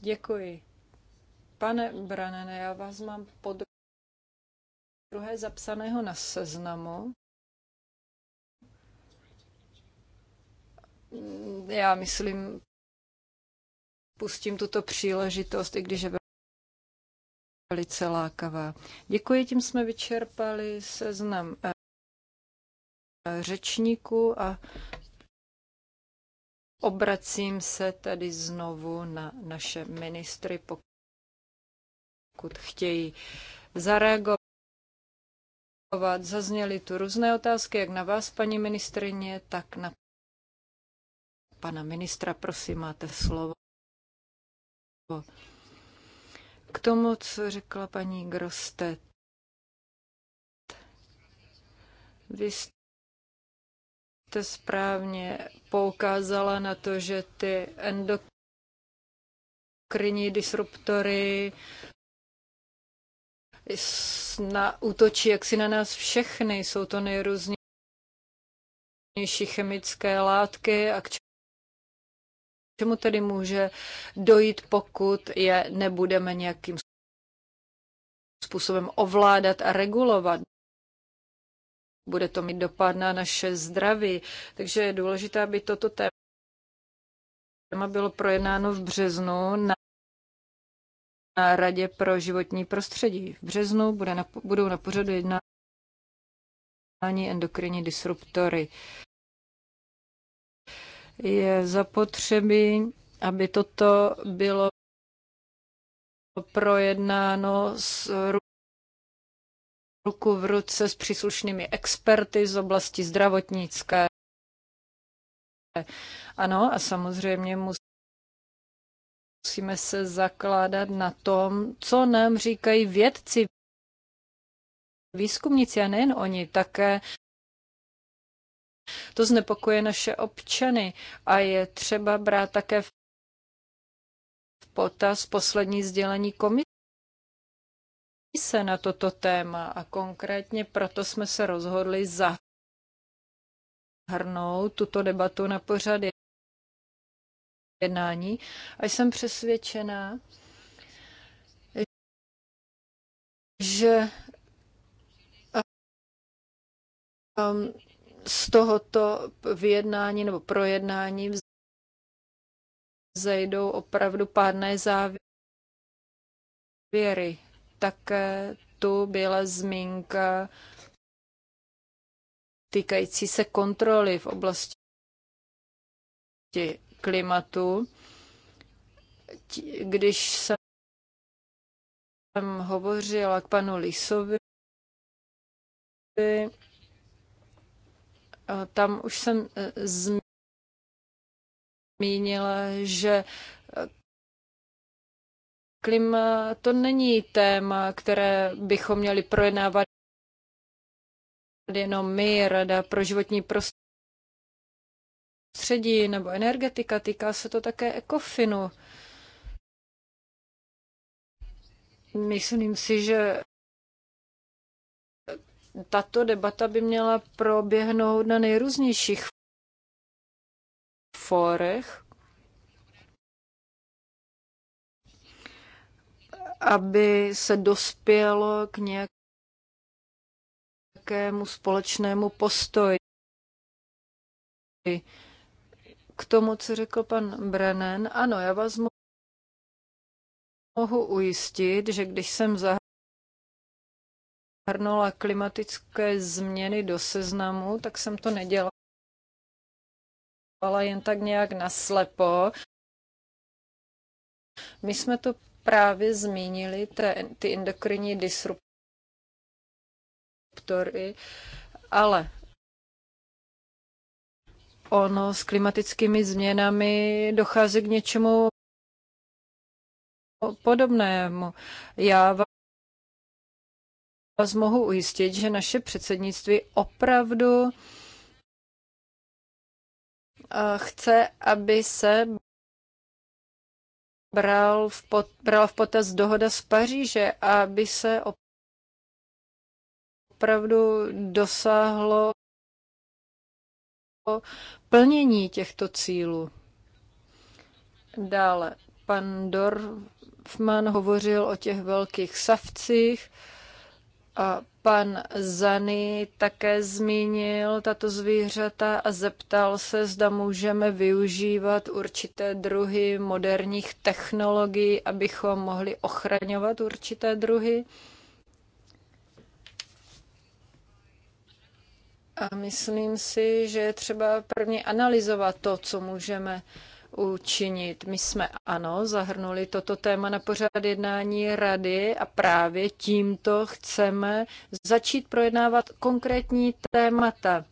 Děkuji. Pane Branene, já vás mám pod druhé zapsaného na seznamu. Já myslím, pustím tuto příležitost, i když je velice lákavá. Děkuji, tím jsme vyčerpali seznam eh, řečníků a obracím se tedy znovu na naše ministry, pokud pokud chtějí zareagovat Zazněly tu různé otázky, jak na vás, paní ministrině, tak na pana ministra. Prosím, máte slovo. K tomu, co řekla paní Grostet. Vy jste správně poukázala na to, že ty endokrinní disruptory na, útočí jaksi na nás všechny. Jsou to nejrůznější chemické látky a k čemu tedy může dojít, pokud je nebudeme nějakým způsobem ovládat a regulovat. Bude to mít dopad na naše zdraví. Takže je důležité, aby toto téma bylo projednáno v březnu na na Radě pro životní prostředí. V březnu bude na, budou na pořadu jednání endokrinní disruptory. Je zapotřebí, aby toto bylo projednáno s ruku v ruce s příslušnými experty z oblasti zdravotnické. Ano, a samozřejmě musí Musíme se zakládat na tom, co nám říkají vědci, výzkumníci a nejen oni, také to znepokuje naše občany a je třeba brát také v potaz poslední sdělení komise na toto téma a konkrétně proto jsme se rozhodli zahrnout tuto debatu na pořady jednání a jsem přesvědčená, že um, z tohoto vyjednání nebo projednání vzejdou opravdu pádné závěry. Také tu byla zmínka týkající se kontroly v oblasti klimatu. Když jsem hovořila k panu Lisovi, tam už jsem e, zmínila, že e, klima to není téma, které bychom měli projednávat jenom my, Rada pro životní prostředí středí nebo energetika, týká se to také ekofinu. Myslím si, že tato debata by měla proběhnout na nejrůznějších fórech, aby se dospělo k nějakému společnému postoji. K tomu, co řekl pan Brennan, ano, já vás mohu ujistit, že když jsem zahrnula klimatické změny do seznamu, tak jsem to nedělala jen tak nějak naslepo. My jsme to právě zmínili, te, ty endokrinní disruptory, ale ono s klimatickými změnami dochází k něčemu podobnému. Já vás mohu ujistit, že naše předsednictví opravdu eh, chce, aby se bral v, pot, bral v potaz dohoda z Paříže, aby se opravdu dosáhlo plnění těchto cílů. Dále pan Dorfman hovořil o těch velkých savcích a pan Zany také zmínil tato zvířata a zeptal se, zda můžeme využívat určité druhy moderních technologií, abychom mohli ochraňovat určité druhy. A myslím si, že je třeba prvně analyzovat to, co můžeme učinit. My jsme ano, zahrnuli toto téma na pořád jednání rady a právě tímto chceme začít projednávat konkrétní témata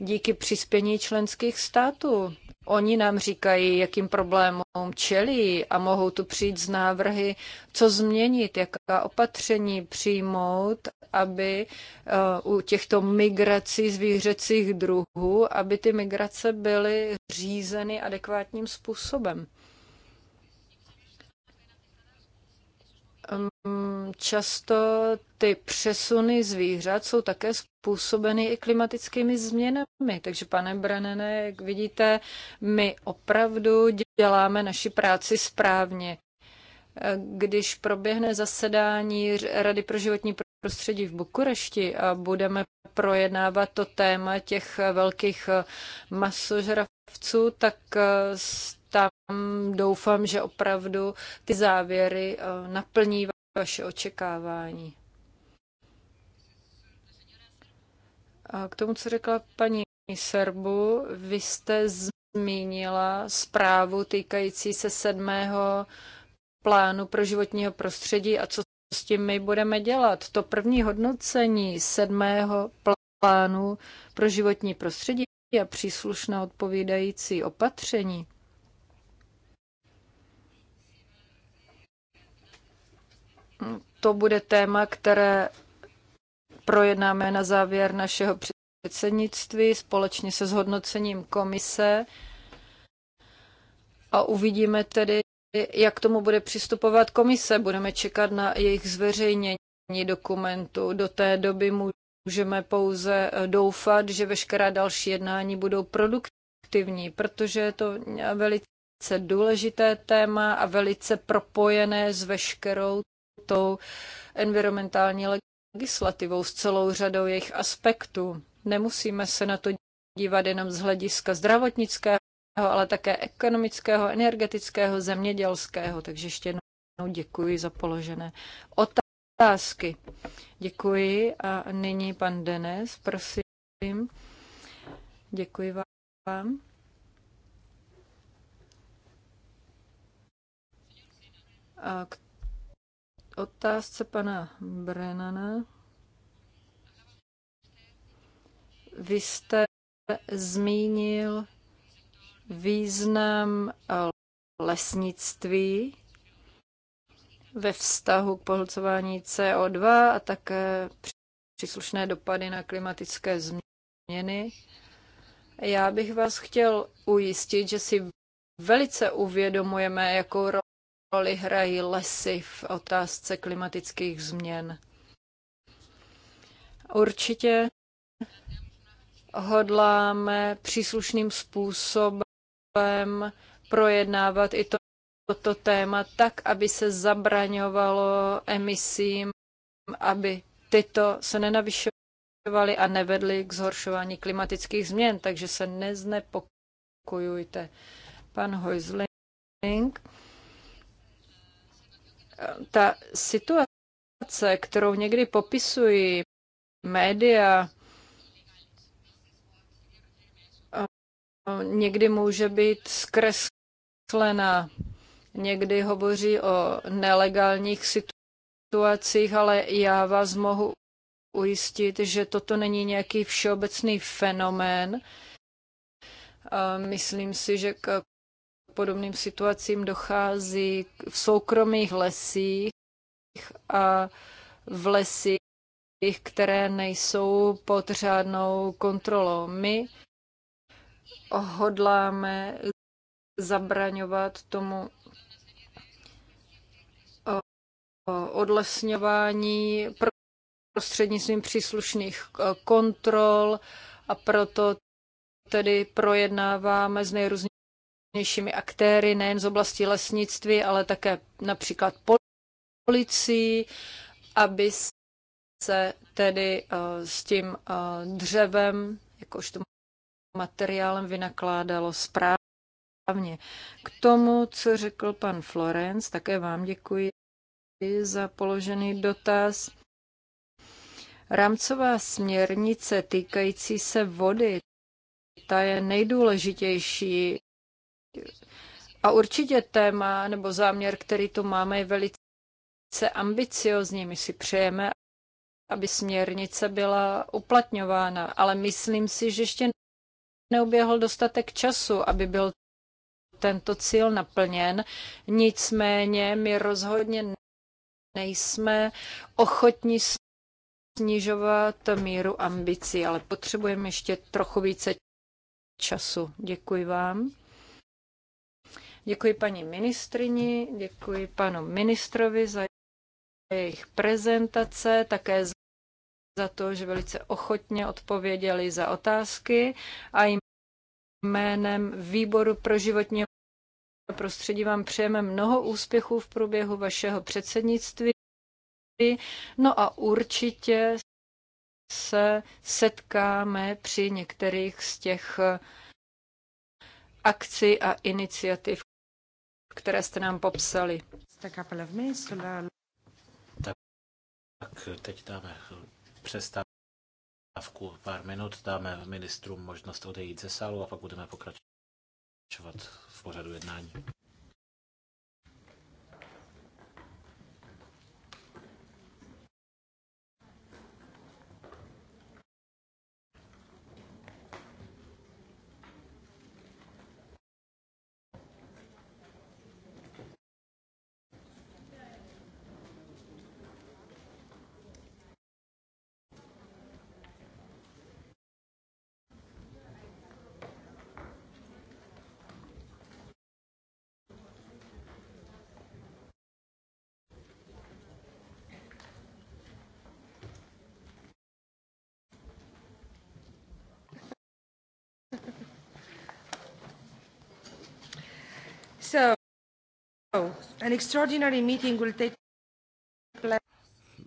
díky přispění členských států. Oni nám říkají, jakým problémům čelí a mohou tu přijít z návrhy, co změnit, jaká opatření přijmout, aby eh, u těchto migrací zvířecích druhů, aby ty migrace byly řízeny adekvátním způsobem. často ty přesuny zvířat jsou také způsobeny i klimatickými změnami. Takže, pane Branene, jak vidíte, my opravdu děláme naši práci správně. Eh, když proběhne zasedání Rady pro životní prostředí v Bukurešti a budeme projednávat to téma těch velkých eh, masožravců, tak eh, tam doufám, že opravdu ty závěry eh, naplní vaše očekávání. A k tomu, co řekla paní Serbu, vy jste zmínila zprávu týkající se sedmého plánu pro životního prostředí a co s tím my budeme dělat. To první hodnocení sedmého plánu pro životní prostředí a příslušná odpovídající opatření To bude téma, které projednáme na závěr našeho předsednictví společně se zhodnocením komise a uvidíme tedy, jak tomu bude přistupovat komise. Budeme čekat na jejich zveřejnění dokumentu. Do té doby můžeme pouze eh, doufat, že veškerá další jednání budou produktivní, protože je to velice důležité téma a velice propojené s veškerou tou environmentální legislativou s celou řadou jejich aspektů. Nemusíme se na to dívat jenom z hlediska zdravotnického, ale také ekonomického, energetického, zemědělského. Takže ještě jednou děkuji za položené otázky. Děkuji a nyní pan Denes, prosím. Děkuji vám. k otázce pana Brennana. Vy jste zmínil význam lesnictví ve vztahu k pohlcování CO2 a také příslušné dopady na klimatické změny. Já bych vás chtěl ujistit, že si velice uvědomujeme, jakou roli hrají lesy v otázce klimatických změn. Určitě hodláme příslušným způsobem projednávat i to, toto téma tak, aby se zabraňovalo emisím, aby tyto se nenavyšovaly a nevedly k zhoršování klimatických změn, takže se neznepokojujte. Pan Hojzling. Ta situace, kterou někdy popisují média, někdy může být zkreslena. Někdy hovoří o nelegálních situacích, ale já vás mohu ujistit, že toto není nějaký všeobecný fenomén. Myslím si, že podobným situacím dochází v soukromých lesích a v lesích, které nejsou pod řádnou kontrolou. My hodláme zabraňovat tomu odlesňování prostřednictvím příslušných kontrol a proto tedy projednáváme z nejrůznějších nejrůznějšími aktéry, nejen z oblasti lesnictví, ale také například policií, aby se tedy eh, s tím eh, dřevem, jakožto materiálem, vynakládalo správně. K tomu, co řekl pan Florence, také vám děkuji za položený dotaz. Rámcová směrnice týkající se vody, ta je nejdůležitější a určitě téma nebo záměr, který tu máme, je velice ambiciozní. My si přejeme, aby směrnice byla uplatňována, ale myslím si, že ještě neuběhl dostatek času, aby byl tento cíl naplněn. Nicméně my rozhodně nejsme ochotní snižovat míru ambicí, ale potřebujeme ještě trochu více času. Děkuji vám. Děkuji paní ministrini, děkuji panu ministrovi za jejich prezentace, také za to, že velice ochotně odpověděli za otázky a jménem Výboru pro životní prostředí vám přejeme mnoho úspěchů v průběhu vašeho předsednictví. No a určitě se setkáme při některých z těch akcí a iniciativ, které jste nám popsali. Tak teď dáme přestávku pár minut, dáme ministrům možnost odejít ze sálu a pak budeme pokračovat v pořadu jednání.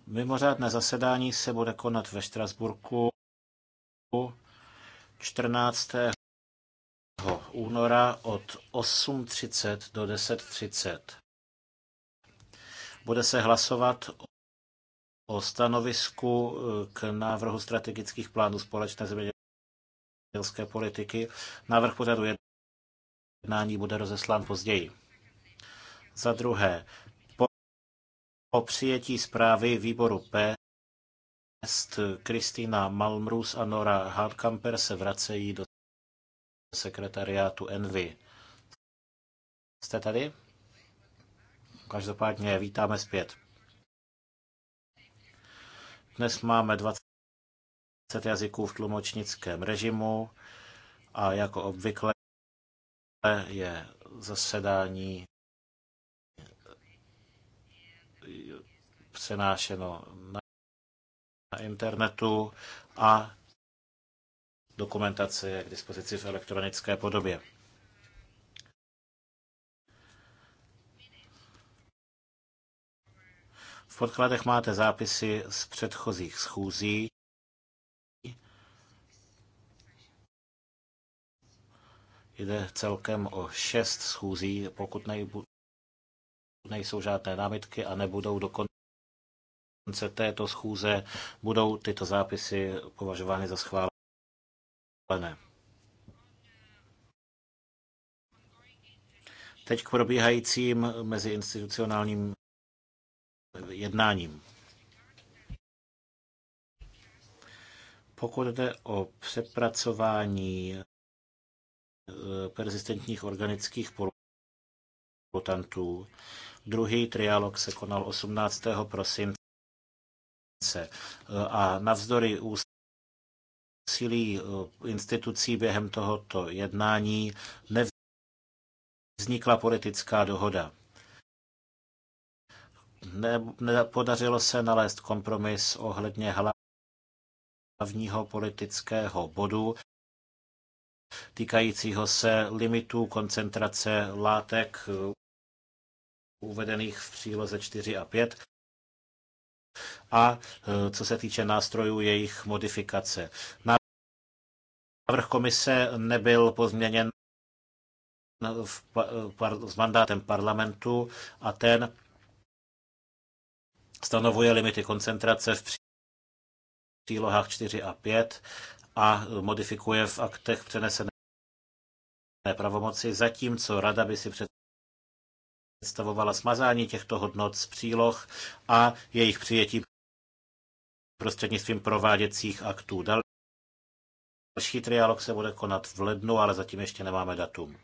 Mimořádné zasedání se bude konat ve Štrasburku 14. února od 8.30 do 10.30. Bude se hlasovat o stanovisku eh, k návrhu strategických plánů společné zemědělské politiky. Návrh pořadu jednání bude rozeslán později. Za druhé, po přijetí zprávy výboru P Kristýna Malmrus a Nora Harkamper se vracejí do sekretariátu Envy. Jste tady? Každopádně vítáme zpět. Dnes máme 20 jazyků v tlumočnickém režimu a jako obvykle je zasedání eh, přenášeno na internetu a dokumentace je k dispozici v elektronické podobě. V podkladech máte zápisy z předchozích schůzí. Jde celkem o šest schůzí, pokud nejsou žádné námitky a nebudou dokonce konce této schůze, budou tyto zápisy považovány za schválené. Teď k probíhajícím meziinstitucionálním jednáním. Pokud jde o přepracování Eh, persistentních organických polutantů. Druhý trialog se konal 18. prosince eh, a navzdory úsilí eh, institucí během tohoto jednání nevznikla politická dohoda. Nepodařilo se nalézt kompromis ohledně hlavního politického bodu, týkajícího se limitů koncentrace látek eh, uvedených v příloze 4 a 5 a eh, co se týče nástrojů jejich modifikace. Návrh komise nebyl pozměněn v par, s mandátem parlamentu a ten stanovuje limity koncentrace v přílohách 4 a 5 a modifikuje v aktech přenesené pravomoci, zatímco rada by si před představovala smazání těchto hodnot z příloh a jejich přijetí prostřednictvím prováděcích aktů. Další trialog se bude konat v lednu, ale zatím ještě nemáme datum.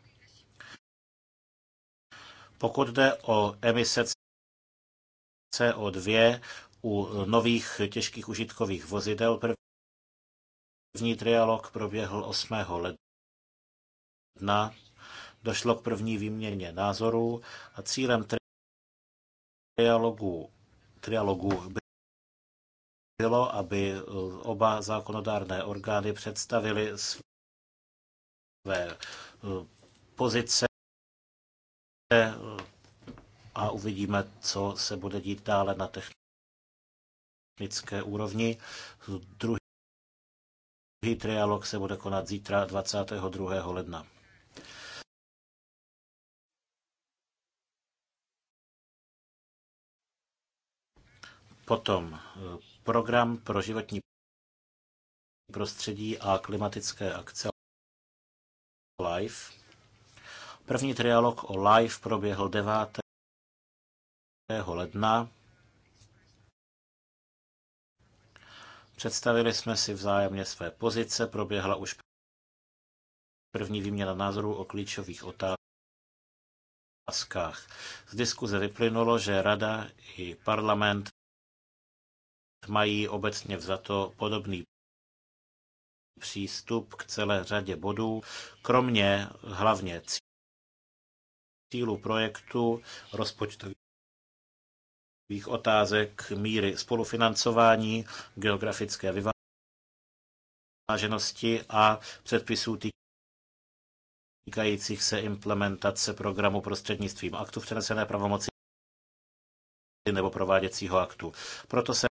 Pokud jde o emise CO2 u nových těžkých užitkových vozidel, První trialog proběhl 8. ledna. Došlo k první výměně názorů a cílem trialogu, trialogu bylo, aby eh, oba zákonodárné orgány představili své eh, pozice eh, a uvidíme, co se bude dít dále na technické úrovni. Druhý Druhý trialog se bude konat zítra 22. ledna. Potom eh, program pro životní prostředí a klimatické akce LIFE. První trialog o LIFE proběhl 9. ledna. Představili jsme si vzájemně své pozice, proběhla už první výměna názorů o klíčových otázkách. Z diskuze vyplynulo, že Rada i parlament mají obecně vzato podobný přístup k celé řadě bodů, kromě hlavně cílů projektu, rozpočtových klíčových otázek míry spolufinancování, geografické vyváženosti a předpisů týkajících se implementace programu prostřednictvím aktu v přenesené pravomoci nebo prováděcího aktu. Proto se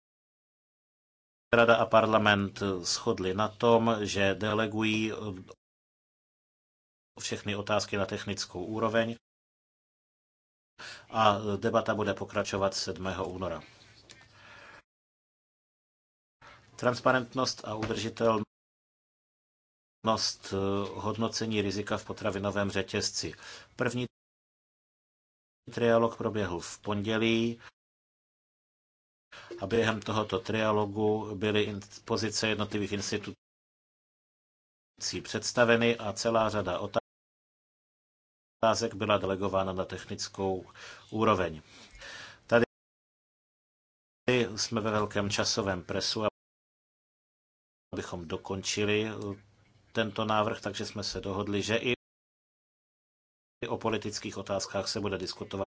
Rada a parlament shodli na tom, že delegují všechny otázky na technickou úroveň a debata bude pokračovat 7. února. Transparentnost a udržitelnost eh, hodnocení rizika v potravinovém řetězci. První trialog proběhl v pondělí a během tohoto trialogu byly pozice jednotlivých institucí představeny a celá řada otázek otázek byla delegována na technickou úroveň. Tady jsme ve velkém časovém presu, abychom dokončili tento návrh, takže jsme se dohodli, že i o politických otázkách se bude diskutovat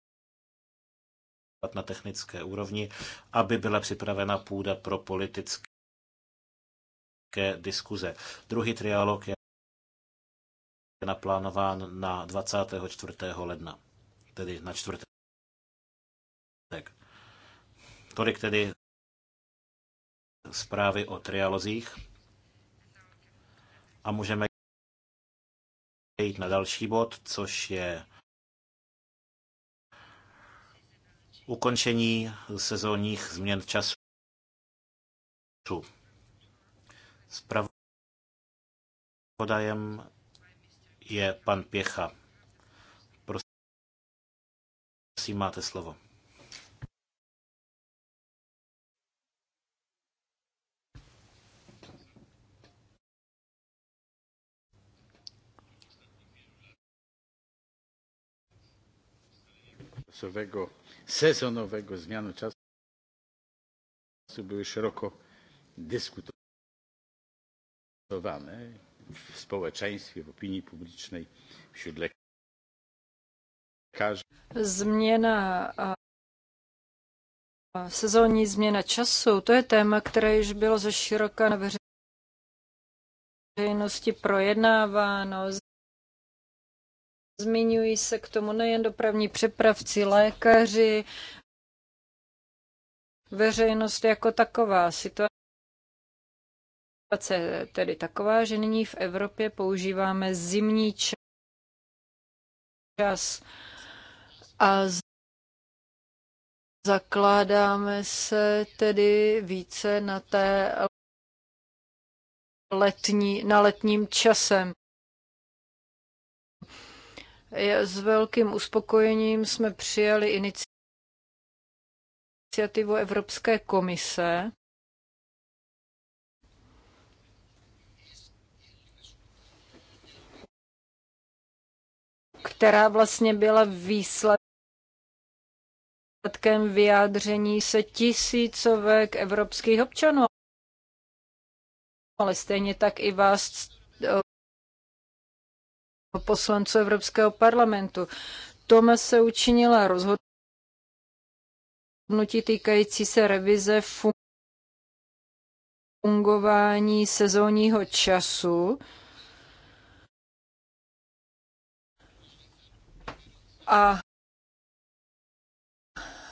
na technické úrovni, aby byla připravena půda pro politické diskuze. Druhý trialog je je naplánován na 24. ledna, tedy na čtvrtek. Tolik tedy zprávy o trialozích a můžeme jít na další bod, což je ukončení sezónních změn času. Zpravodajem je pan Pěcha. Prosím, máte slovo. sezonového změnu času byly široko diskutované w społeczeństwie, w opinii publicznej, wśród lekarzy. Změna sezónní změna času, to je téma, které již bylo ze široka na veřejnosti projednáváno. Zmiňují se k tomu nejen dopravní přepravci, lékaři, veřejnost jako taková. Situace Situace tedy taková, že nyní v Evropě používáme zimní čas a zakládáme se tedy více na té letní, na letním časem. S velkým uspokojením jsme přijali iniciativu Evropské komise, která vlastně byla výsledkem vyjádření se tisícovek evropských občanů. Ale stejně tak i vás eh, poslanců Evropského parlamentu. se učinila rozhodnutí týkající se revize fungování sezónního času, a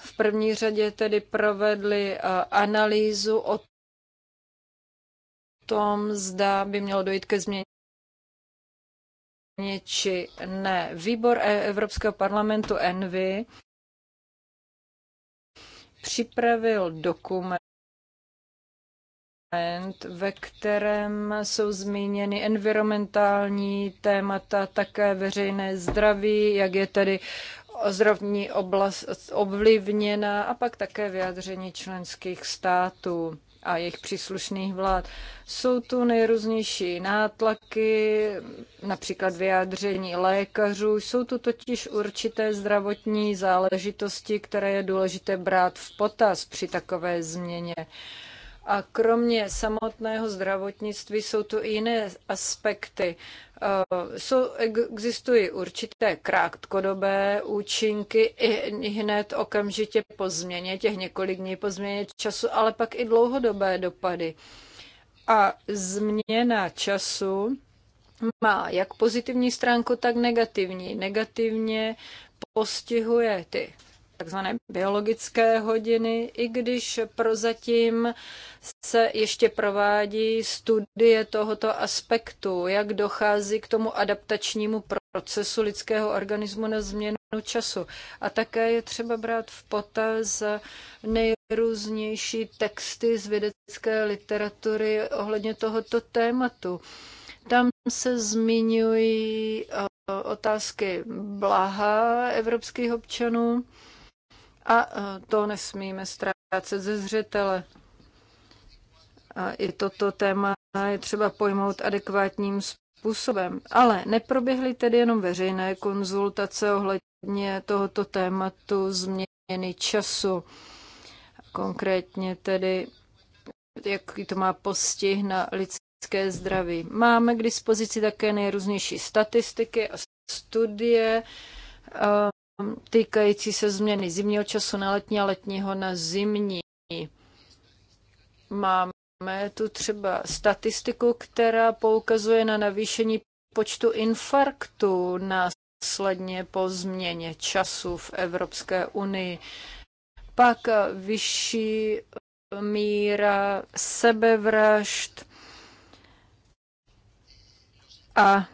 v první řadě tedy provedli eh, analýzu o tom, zda by mělo dojít ke změně či ne. Výbor e- Evropského parlamentu Envy připravil dokument, dokument, ve kterém jsou zmíněny environmentální témata, také veřejné zdraví, jak je tedy zdravní oblast ovlivněna a pak také vyjádření členských států a jejich příslušných vlád. Jsou tu nejrůznější nátlaky, například vyjádření lékařů. Jsou tu totiž určité zdravotní záležitosti, které je důležité brát v potaz při takové změně. A kromě samotného zdravotnictví jsou tu i jiné aspekty. Eh, jsou, existují určité krátkodobé účinky i hned okamžitě po změně, těch několik dní po změně času, ale pak i dlouhodobé dopady. A změna času má jak pozitivní stránku, tak negativní. Negativně postihuje ty takzvané biologické hodiny, i když prozatím se ještě provádí studie tohoto aspektu, jak dochází k tomu adaptačnímu procesu lidského organismu na změnu času. A také je třeba brát v potaz nejrůznější texty z vědecké literatury ohledně tohoto tématu. Tam se zmiňují eh, otázky blaha evropských občanů, a e, to nesmíme ztrácet ze zřetele. A i toto téma je třeba pojmout adekvátním způsobem. Ale neproběhly tedy jenom veřejné konzultace ohledně tohoto tématu změny času. Konkrétně tedy, jaký to má postih na lidské zdraví. Máme k dispozici také nejrůznější statistiky a studie týkající se změny zimního času na letní a letního na zimní. Máme tu třeba statistiku, která poukazuje na navýšení počtu infarktů následně po změně času v Evropské unii. Pak vyšší míra sebevražd a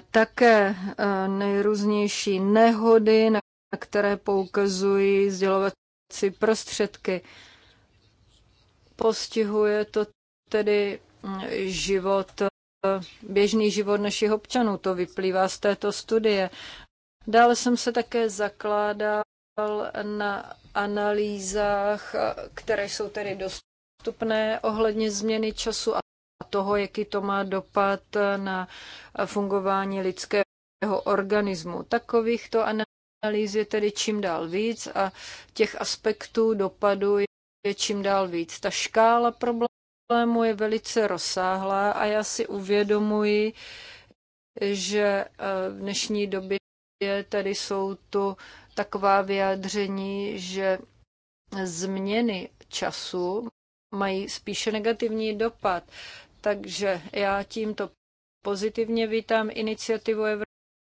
také eh, nejrůznější nehody, na které poukazují sdělovací prostředky. Postihuje to tedy mm, život, eh, běžný život našich občanů, to vyplývá z této studie. Dále jsem se také zakládal na analýzách, eh, které jsou tedy dostupné ohledně změny času a toho, jaký to má dopad na fungování lidského organismu. Takovýchto analýz je tedy čím dál víc a těch aspektů dopadu je čím dál víc. Ta škála problému je velice rozsáhlá a já si uvědomuji, že eh, v dnešní době tady jsou tu taková vyjádření, že změny času mají spíše negativní dopad. Takže já tímto pozitivně vítám iniciativu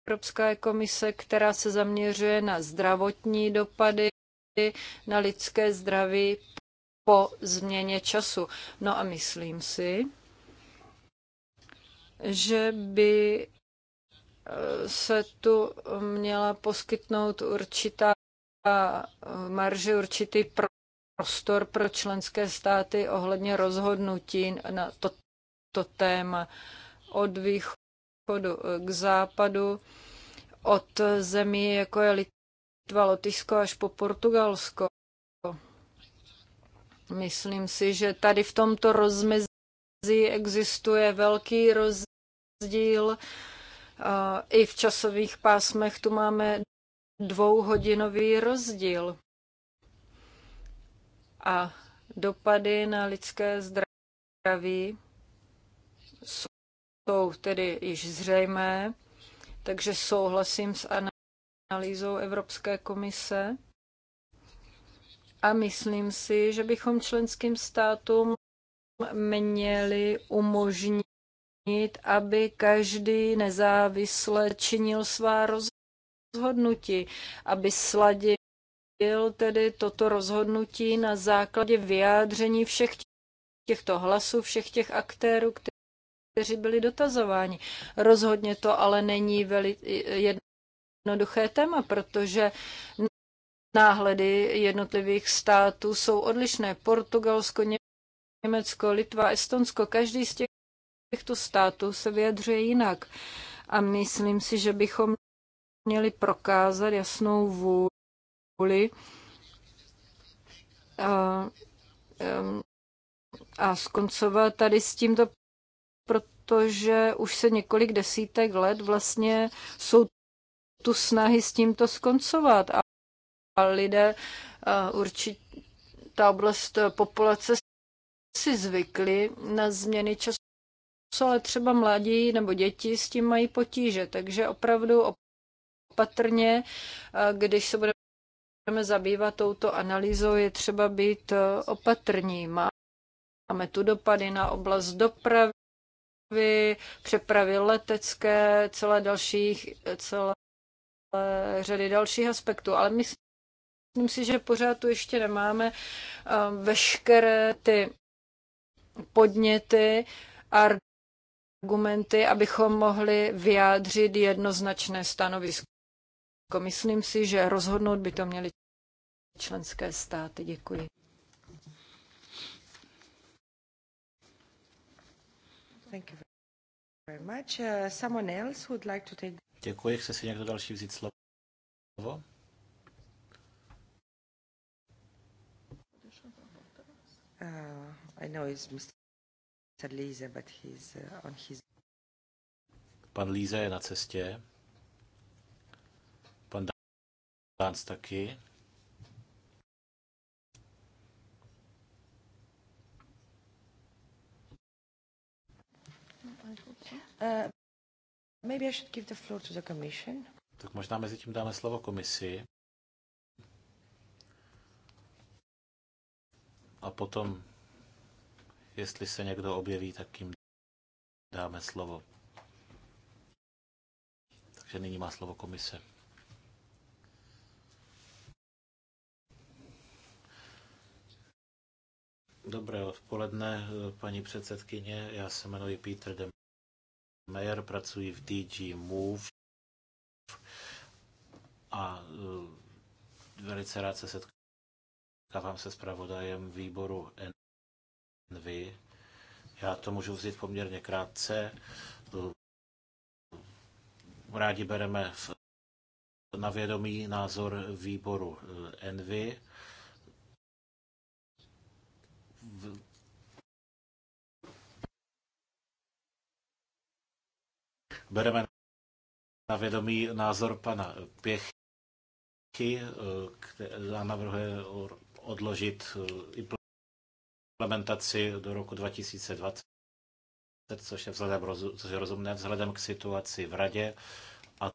Evropské komise, která se zaměřuje na zdravotní dopady, na lidské zdraví po změně času. No a myslím si, že by eh, se tu měla poskytnout určitá eh, marže, určitý prostor pro členské státy ohledně rozhodnutí na to, to téma od východu eh, k západu, od zemí, jako je Litva, Lotyšsko až po Portugalsko. Myslím si, že tady v tomto rozmezí existuje velký rozdíl. Eh, I v časových pásmech tu máme dvouhodinový rozdíl. A dopady na lidské zdraví jsou tedy již zřejmé, takže souhlasím s analýzou Evropské komise a myslím si, že bychom členským státům měli umožnit, aby každý nezávisle činil svá rozhodnutí, aby sladil tedy toto rozhodnutí na základě vyjádření všech těchto hlasů, všech těch aktérů, kteří byli dotazováni. Rozhodně to ale není veli, jednoduché téma, protože náhledy jednotlivých států jsou odlišné. Portugalsko, Německo, Litva, Estonsko, každý z těchto států se vyjadřuje jinak. A myslím si, že bychom měli prokázat jasnou vůli a, a skoncovat tady s tímto protože už se několik desítek let vlastně jsou tu snahy s tímto skoncovat a lidé eh, určitě ta oblast populace si zvykli na změny času, ale třeba mladí nebo děti s tím mají potíže, takže opravdu opatrně, eh, když se budeme budeme zabývat touto analýzou, je třeba být eh, opatrní. Máme tu dopady na oblast dopravy, dopravy, přepravy letecké, celé dalších, celé řady dalších aspektů. Ale myslím si, že pořád tu ještě nemáme eh, veškeré ty podněty a argumenty, abychom mohli vyjádřit jednoznačné stanovisko. Myslím si, že rozhodnout by to měly členské státy. Děkuji. Děkuji. Chce si někdo další vzít slovo? Uh, I know it's Mr. Lise, but he's uh, on his... Pan Líze je na cestě. Pan Dánc taky. Uh, maybe I should give the floor to the commission. Tak možná mezi tím dáme slovo komisi. A potom, jestli se někdo objeví, tak jim dáme slovo. Takže nyní má slovo komise. Dobré odpoledne, paní předsedkyně. Já se jmenuji Peter Dem. Mayer, pracuji v DG Move a e, velice rád se setkávám se zpravodajem výboru NV. Já to můžu vzít poměrně krátce. E, rádi bereme na vědomí názor výboru Envy Bereme na vědomí názor pana Pěchy, eh, která navrhuje odložit eh, implementaci do roku 2020, což je, vzhledem, což je rozumné vzhledem k situaci v radě. A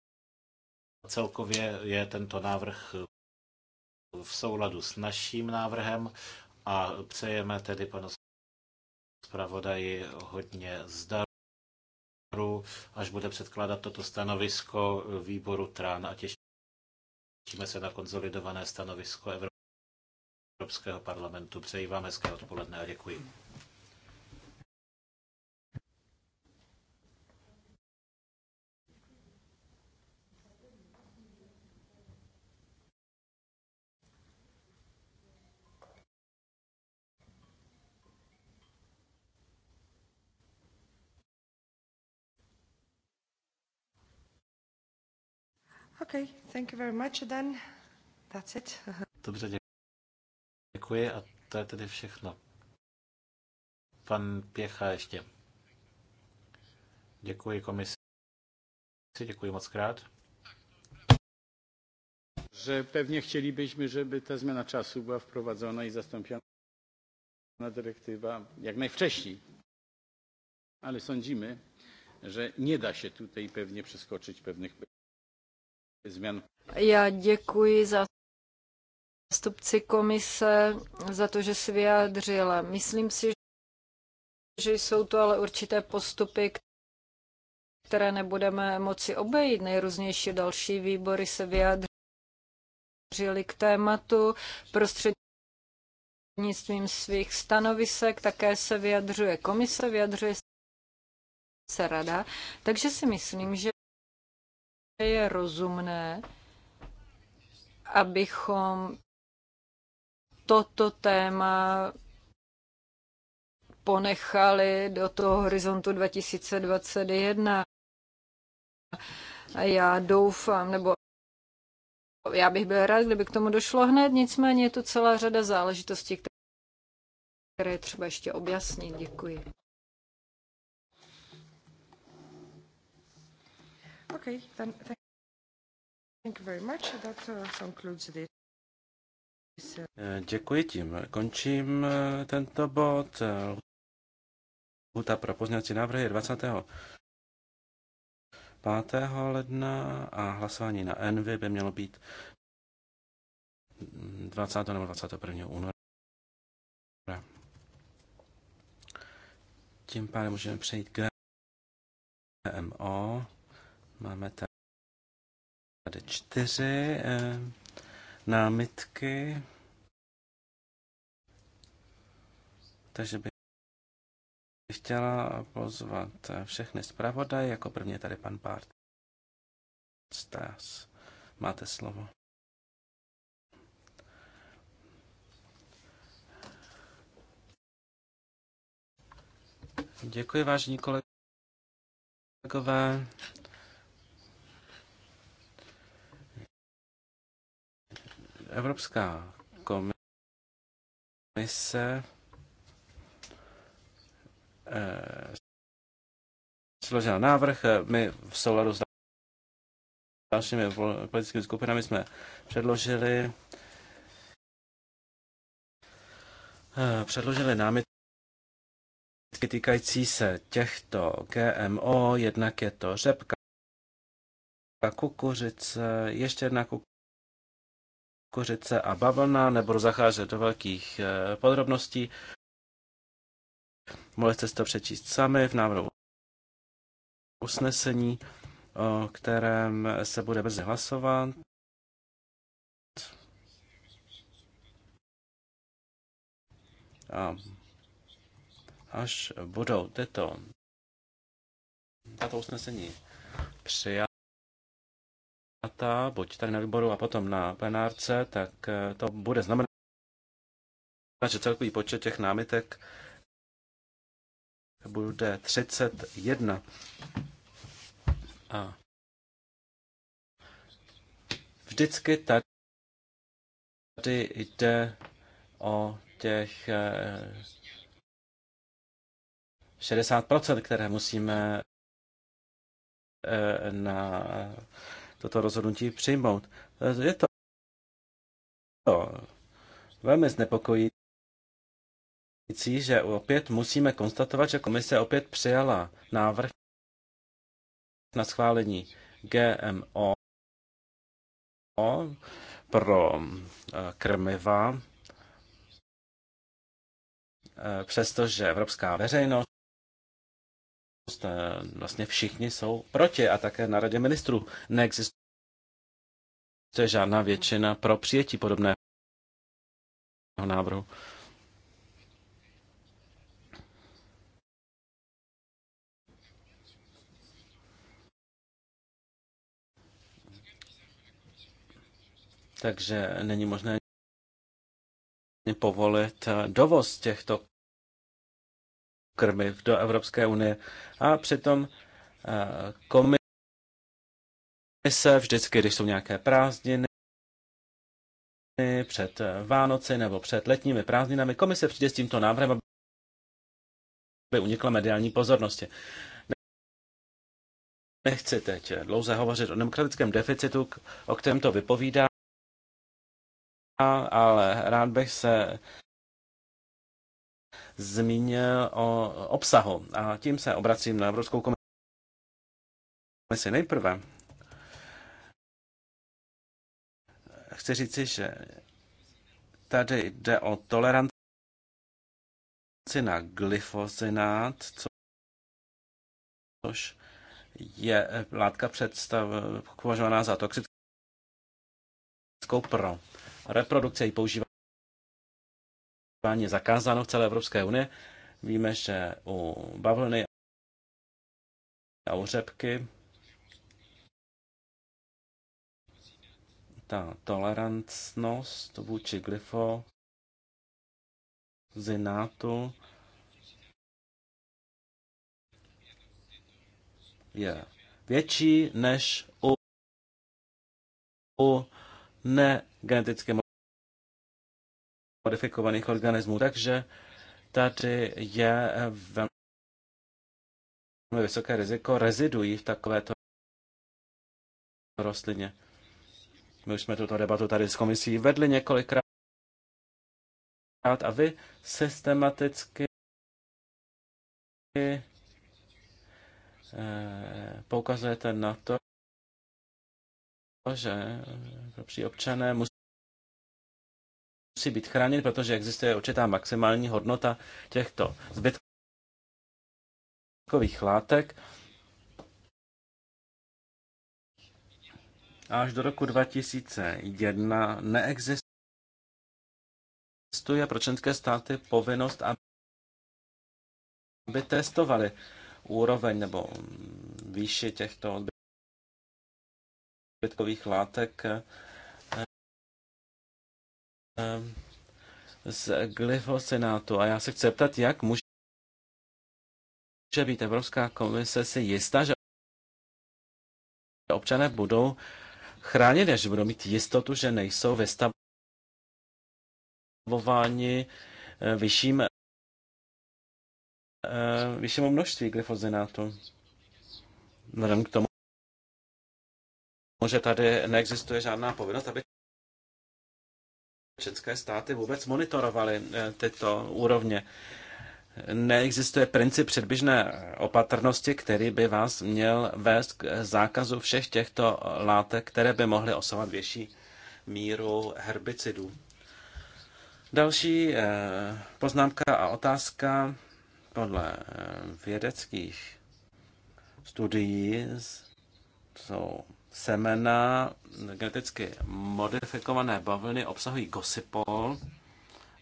celkově je tento návrh eh, v souladu s naším návrhem a přejeme tedy panu zpravodaji hodně zdar až bude předkládat toto stanovisko výboru TRAN a těšíme se na konzolidované stanovisko Evropského parlamentu. Přeji vám hezké odpoledne a děkuji. Okay, thank you very much then. That's it. Dobře, děkuji a to je tedy všechno. Pan Pěcha ještě. Děkuji komisi, děkuji moc krát. chtěli pewnie že by ta změna času byla vprovadzona i zastąpiona direktiva jak najwcześniej. Ale sądzimy, že nie da się tutaj pewnie przeskoczyć pewnych změn. Já děkuji za zástupci komise za to, že si vyjádřila. Myslím si, že jsou to ale určité postupy, které nebudeme moci obejít. Nejrůznější další výbory se vyjádřily k tématu prostřednictvím svých stanovisek, také se vyjadřuje komise, vyjadřuje se rada. Takže si myslím, že je rozumné, abychom toto téma ponechali do toho horizontu 2021. A já doufám, nebo já bych byl rád, kdyby k tomu došlo hned, nicméně je to celá řada záležitostí, které je třeba ještě objasnit. Děkuji. Okay, then thank Thank you very much. That uh, concludes this. Uh, eh, děkuji, tím končím eh, tento bod. Eh, Lhůta pro pozměňovací návrhy je 25. ledna a hlasování na Envy by mělo být 20. nebo 21. února. Tím pádem můžeme přejít k MO. Máme tady čtyři eh, námitky. Takže bych chtěla pozvat všechny zpravodaj. Jako první tady pan Bart Stas. Máte slovo. Děkuji, vážení kolegové. Evropská komise eh, složila návrh. My v souladu s dalšími politickými skupinami jsme předložili eh, předložili námitky týkající se těchto GMO, jednak je to řepka, kukuřice, ještě jedna kukuřice, kukuřice a bavlna, nebudu zacházet do velkých eh, podrobností. Můžete si to přečíst sami v návrhu usnesení, o kterém se bude brzy hlasovat. A až budou tyto tato usnesení přijat, přijata, buď tady na výboru a potom na plenárce, tak eh, to bude znamenat, že celkový počet těch námitek bude 31. A vždycky tady jde o těch 60%, eh, které musíme eh, na toto rozhodnutí přijmout. Eh, je to velmi znepokojící, že opět musíme konstatovat, že komise opět přijala návrh na schválení GMO pro eh, krmiva, eh, přestože evropská veřejnost Prostě vlastně všichni jsou proti a také na radě ministrů neexistuje žádná většina pro přijetí podobného návrhu. Takže není možné povolit eh, dovoz těchto krmiv do Evropské unie. A přitom eh, komise vždycky, když jsou nějaké prázdniny, před eh, Vánoci nebo před letními prázdninami, komise přijde s tímto návrhem, aby unikla mediální pozornosti. Nechci teď dlouze hovořit o demokratickém deficitu, o kterém to vypovídá, ale rád bych se zmínil o obsahu. A tím se obracím na Evropskou komisi. Nejprve chci říci, že tady jde o toleranci na glyfosinát, což je látka představ, považovaná za toxickou pro reprodukci, ji používá je zakázáno v celé Evropské unii. Víme, že u bavlny a u řepky ta tolerancnost vůči glyfo zinátu je větší než u, u negeneticky modifikovaných organismů. Takže tady je velmi vysoké riziko rezidují v takovéto rostlině. My už jsme tuto debatu tady s komisí vedli několikrát a vy systematicky eh, poukazujete na to, že pro občané musí musí být chráněn, protože existuje určitá maximální hodnota těchto zbytkových látek. Až do roku 2001 neexistuje pro členské státy povinnost, aby testovali úroveň nebo výši těchto zbytkových látek z glyfosinátu. A já se chci zeptat, jak může být Evropská komise si jistá, že občané budou chráněni, že budou mít jistotu, že nejsou vystavováni eh, vyšším, eh, vyššímu množství glyfozinátu. Vzhledem k tomu, že tady neexistuje žádná povinnost, aby České státy vůbec monitorovaly eh, tyto úrovně. Neexistuje princip předběžné opatrnosti, který by vás měl vést k zákazu všech těchto látek, které by mohly osovat větší míru herbicidů. Další eh, poznámka a otázka podle eh, vědeckých studií jsou semena geneticky modifikované bavlny obsahují gosipol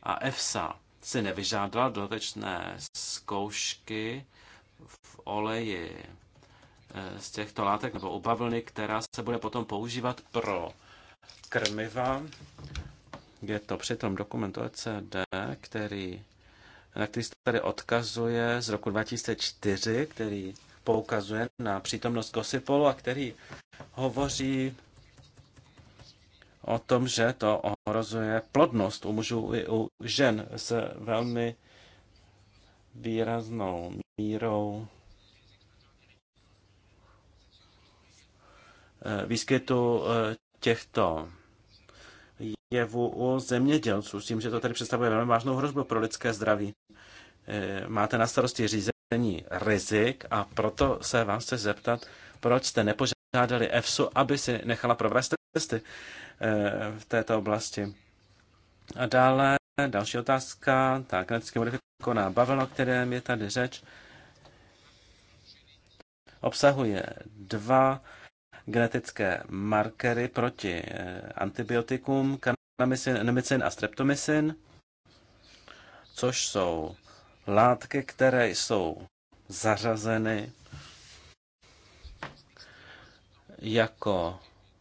a EFSA si nevyžádala dodatečné zkoušky v oleji eh, z těchto látek nebo u bavlny, která se bude potom používat pro krmiva. Je to tom dokumentu ECD, který, na který se tady odkazuje z roku 2004, který poukazuje na přítomnost Gosipolu a který hovoří o tom, že to ohrozuje plodnost u mužů i u žen s velmi výraznou mírou eh, výskytu eh, těchto jevů u zemědělců, s tím, že to tady představuje velmi vážnou hrozbu pro lidské zdraví. Eh, máte na starosti řízení řízení rizik a proto se vás chci zeptat, proč jste nepožádali EFSU, aby si nechala provést testy eh, v této oblasti. A dále další otázka, ta genetické modifikovaná bavlna, o kterém je tady řeč, obsahuje dva genetické markery proti eh, antibiotikům, kanamycin, nemycin a streptomycin, což jsou látky, které jsou zařazeny jako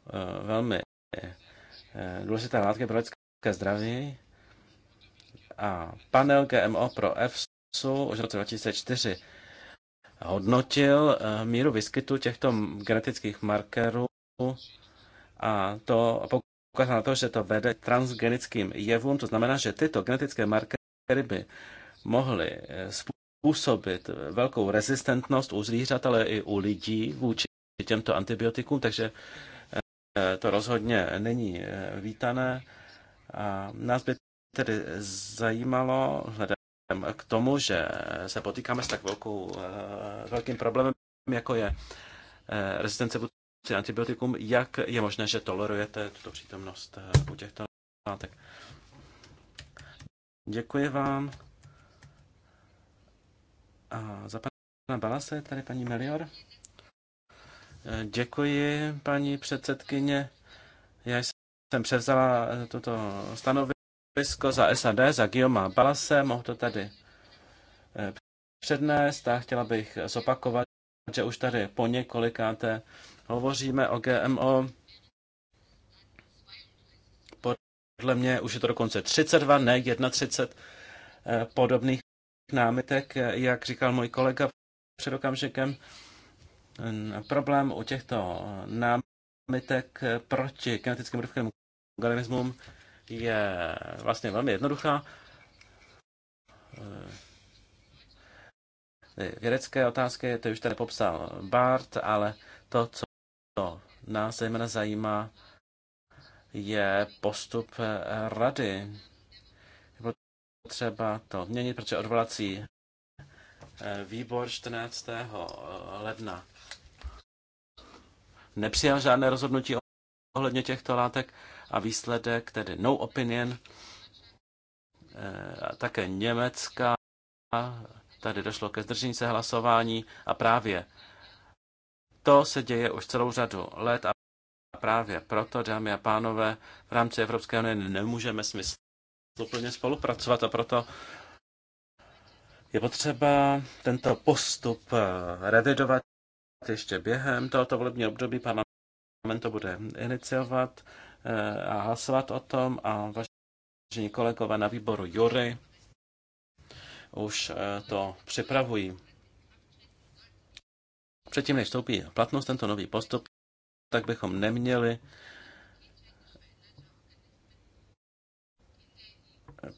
eh, velmi eh, důležité látky pro lidské zdraví a panel GMO pro EFSU už v roce 2004 hodnotil eh, míru vyskytu těchto genetických markerů a to poukázal na to, že to vede transgenickým jevům, to znamená, že tyto genetické markery by mohly eh, způsobit velkou rezistentnost u zvířat, ale i u lidí vůči těmto antibiotikům, takže eh, to rozhodně není eh, vítané. A nás by tedy zajímalo, vzhledem k tomu, že se potýkáme s tak velkou, velkým problémem, jako je rezistence vůči antibiotikům, jak je možné, že tolerujete tuto přítomnost u těchto látek. Děkuji vám. A za pana Balase, tady paní Melior. Děkuji, paní předsedkyně. Já jsem převzala toto stanovisko za SAD, za Guillaume Balase, mohu to tady eh, přednést a chtěla bych zopakovat, že už tady po několikáté hovoříme o GMO. Podle mě už je to dokonce 32, ne 31 eh, podobných námitek, jak říkal můj kolega před okamžikem. Problém u těchto námitek proti genetickým modifikovaným organismům je vlastně velmi jednoduchá. Eh, vědecké otázky, to už tady popsal Bart, ale to, co nás zejména zajímá, je postup rady třeba to měnit, protože odvolací eh, výbor 14. Eh, ledna nepřijal žádné rozhodnutí ohledně těchto látek a výsledek, tedy no opinion, eh, také Německa, tady došlo ke zdržení se hlasování a právě to se děje už celou řadu let a právě proto, dámy a pánové, v rámci Evropské unie nemůžeme smysl plně spolupracovat a proto je potřeba tento postup eh, revidovat ještě během tohoto volební období. Parlament to bude iniciovat eh, a hlasovat o tom a vaši kolegové na výboru Jury už eh, to připravují. Předtím, než vstoupí platnost tento nový postup, tak bychom neměli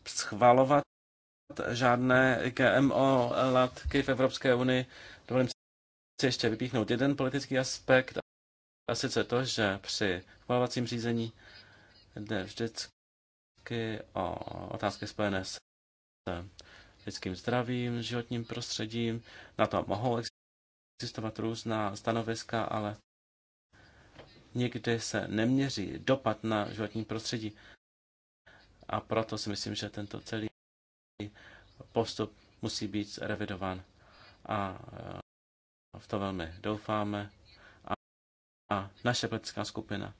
schvalovat žádné GMO látky v Evropské unii. Dovolím si ještě vypíchnout jeden politický aspekt, a sice to, že při schvalovacím řízení jde vždycky o otázky spojené s lidským zdravím, životním prostředím. Na to mohou existovat různá stanoviska, ale nikdy se neměří dopad na životní prostředí a proto si myslím, že tento celý postup musí být revidován. A eh, v to velmi doufáme. A, a naše politická skupina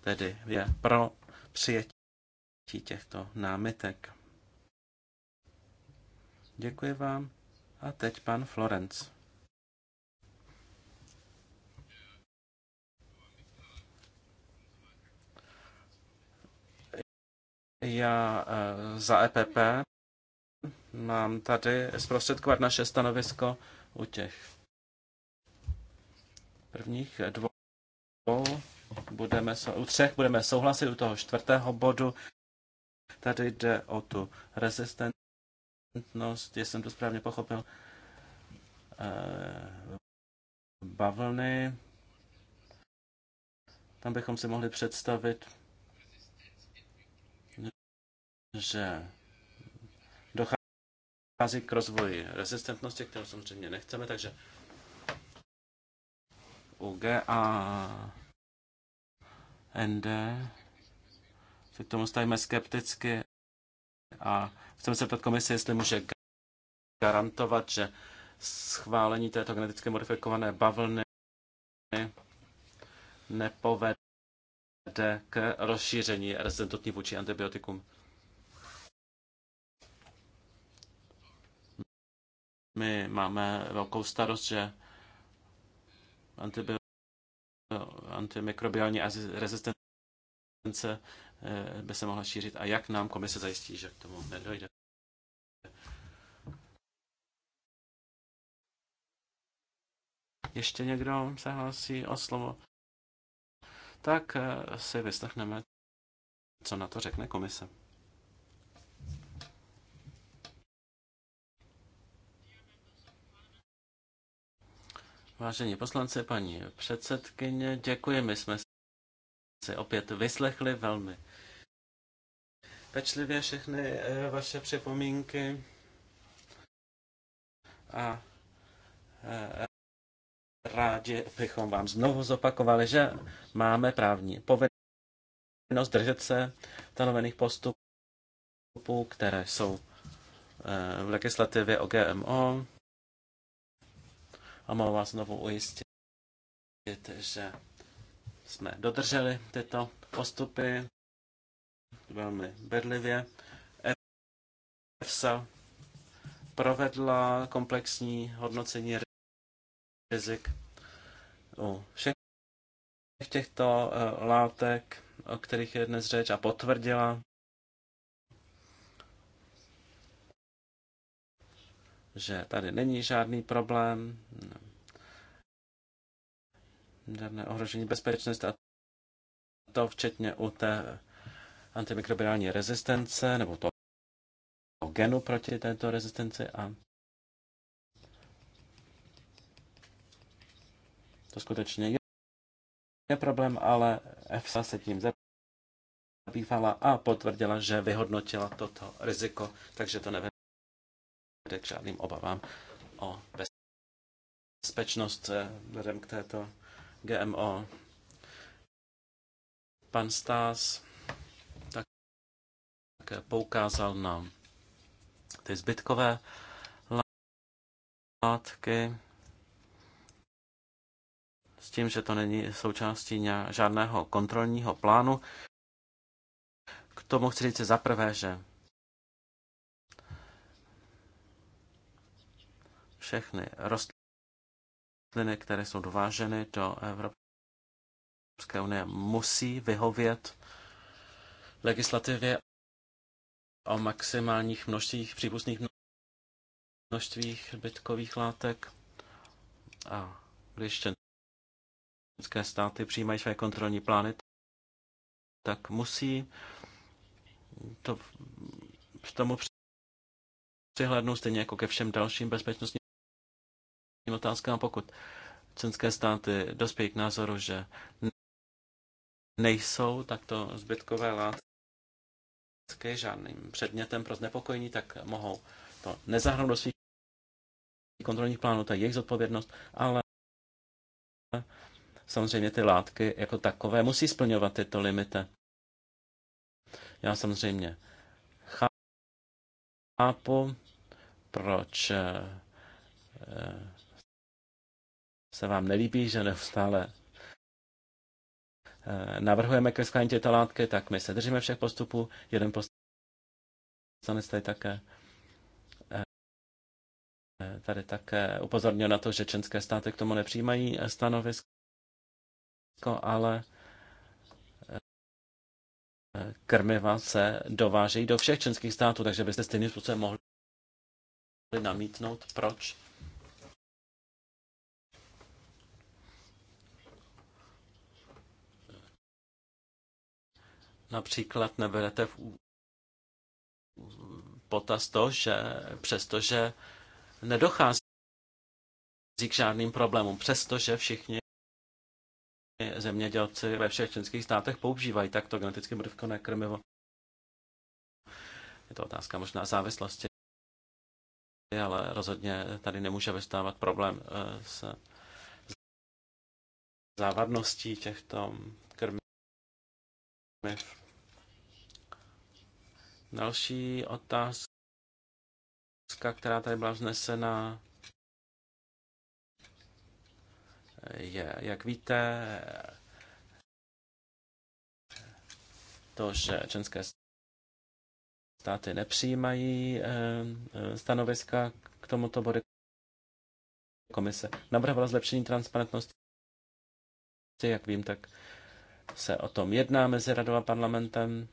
tedy je pro přijetí těchto námitek. Děkuji vám. A teď pan Florenc. Já eh, za EPP mám tady zprostředkovat naše stanovisko u těch prvních dvou budeme, u třech budeme souhlasit, u toho čtvrtého bodu tady jde o tu rezistentnost, jestli jsem to správně pochopil, eh, bavlny. Tam bychom si mohli představit že dochází k rozvoji rezistentnosti, kterou samozřejmě nechceme, takže u GA ND se k tomu stavíme skepticky a chceme se ptat komisi, jestli může garantovat, že schválení této geneticky modifikované bavlny nepovede k rozšíření rezistentní vůči antibiotikum. My máme velkou starost, že antimikrobiální rezistence eh, by se mohla šířit a jak nám komise zajistí, že k tomu nedojde. Ještě někdo se hlásí o slovo? Tak eh, si vyslechneme, co na to řekne komise. Vážení poslanci, paní předsedkyně, děkuji. My jsme si opět vyslechli velmi pečlivě všechny eh, vaše připomínky a eh, rádi bychom vám znovu zopakovali, že máme právní povinnost držet se stanovených postupů, které jsou eh, v legislativě o GMO a mohu vás znovu ujistit, že jsme dodrželi tyto postupy velmi bedlivě. EFSA provedla komplexní hodnocení rizik u všech těchto e, látek, o kterých je dnes řeč, a potvrdila že tady není žádný problém, žádné ohrožení bezpečnosti, a to včetně u té antimikrobiální rezistence nebo toho genu proti této rezistenci a to skutečně je problém, ale EFSA se tím zabývala a potvrdila, že vyhodnotila toto riziko, takže to nevím vede k žádným obavám o bezpečnost eh, vzhledem k této GMO. Pan Stás také poukázal na ty zbytkové látky s tím, že to není součástí žádného kontrolního plánu. K tomu chci říct zaprvé, že všechny rostliny, které jsou dováženy do Evropské unie, musí vyhovět legislativě o maximálních množstvích, přípustných množstvích bytkových látek. A když členské státy přijímají své kontrolní plány, tak musí to, tomu přihlednout stejně jako ke všem dalším bezpečnostním otázkám, pokud členské státy dospějí k názoru, že nejsou takto zbytkové látky žádným předmětem pro znepokojení, tak mohou to nezahrnout do svých kontrolních plánů, to je jejich zodpovědnost, ale samozřejmě ty látky jako takové musí splňovat tyto limity. Já samozřejmě chápu, proč eh, se vám nelíbí, že neustále eh, navrhujeme ke skladání těto látky, tak my se držíme všech postupů. Jeden poslanec tady také eh, eh, tady také upozornil na to, že čenské státy k tomu nepřijímají stanovisko, ale krmiva se dovážejí do všech členských států, takže byste stejným způsobem mohli namítnout, proč Například neberete v potaz to, že přestože nedochází k žádným problémům, přestože všichni zemědělci ve všech členských státech používají takto geneticky modifikované krmivo. Je to otázka možná závislosti, ale rozhodně tady nemůže vystávat problém eh, s závadností těchto krmiv. Další otázka, která tady byla vznesena, je, jak víte, to, že členské státy nepřijímají eh, stanoviska k tomuto bodu komise. Navrhovala zlepšení transparentnosti, jak vím, tak se o tom jedná mezi radou a parlamentem.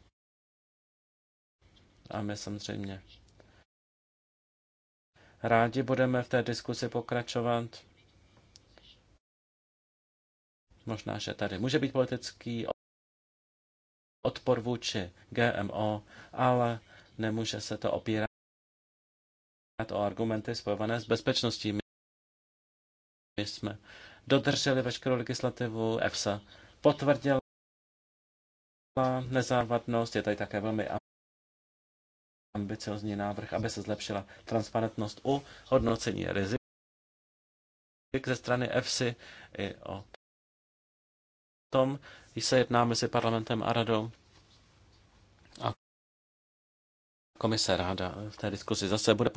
A my samozřejmě rádi budeme v té diskusi pokračovat. Možná, že tady může být politický odpor vůči GMO, ale nemůže se to opírat o argumenty spojované s bezpečností. My jsme dodrželi veškerou legislativu EFSA, potvrdila nezávadnost, je tady také velmi ambiciozní návrh, aby se zlepšila transparentnost u hodnocení rizik ze strany EFSI i o tom, když se jedná mezi parlamentem a radou. A komise ráda v té diskusi zase bude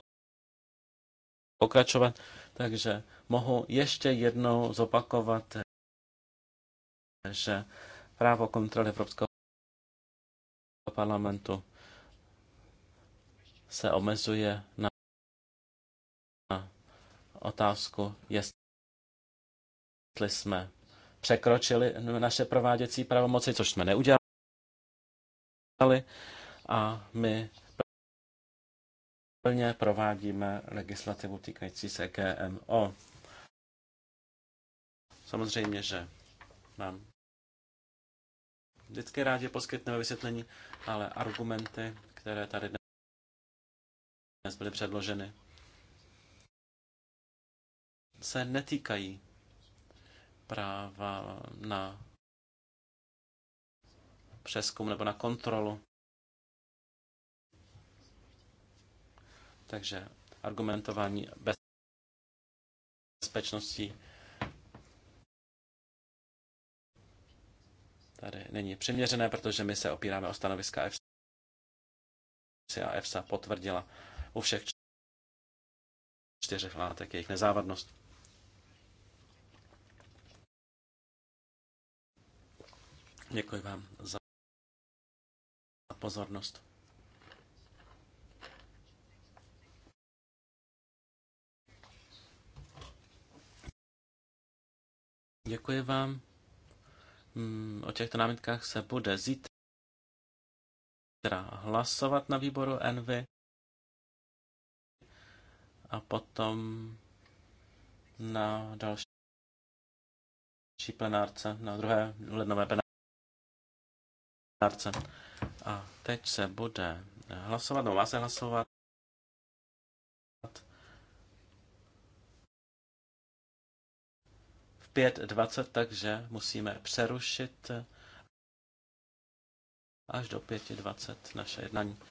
pokračovat, takže mohu ještě jednou zopakovat, že právo kontroly Evropského parlamentu se omezuje na otázku, jestli jsme překročili naše prováděcí pravomoci, což jsme neudělali. A my plně provádíme legislativu týkající se GMO. Samozřejmě, že nám vždycky rádi poskytneme vysvětlení, ale argumenty, které tady dnes byly předloženy, se netýkají práva na přeskum nebo na kontrolu. Takže argumentování bezpečností tady není přiměřené, protože my se opíráme o stanoviska EFSA a EFSA potvrdila o všech čtyřech látek, jejich nezávadnost. Děkuji vám za pozornost. Děkuji vám. Hmm, o těchto námitkách se bude zítra hlasovat na výboru Envy a potom na další plenárce, na druhé lednové plenárce. A teď se bude hlasovat, no má se hlasovat v 5.20, takže musíme přerušit až do 5.20 naše jednání.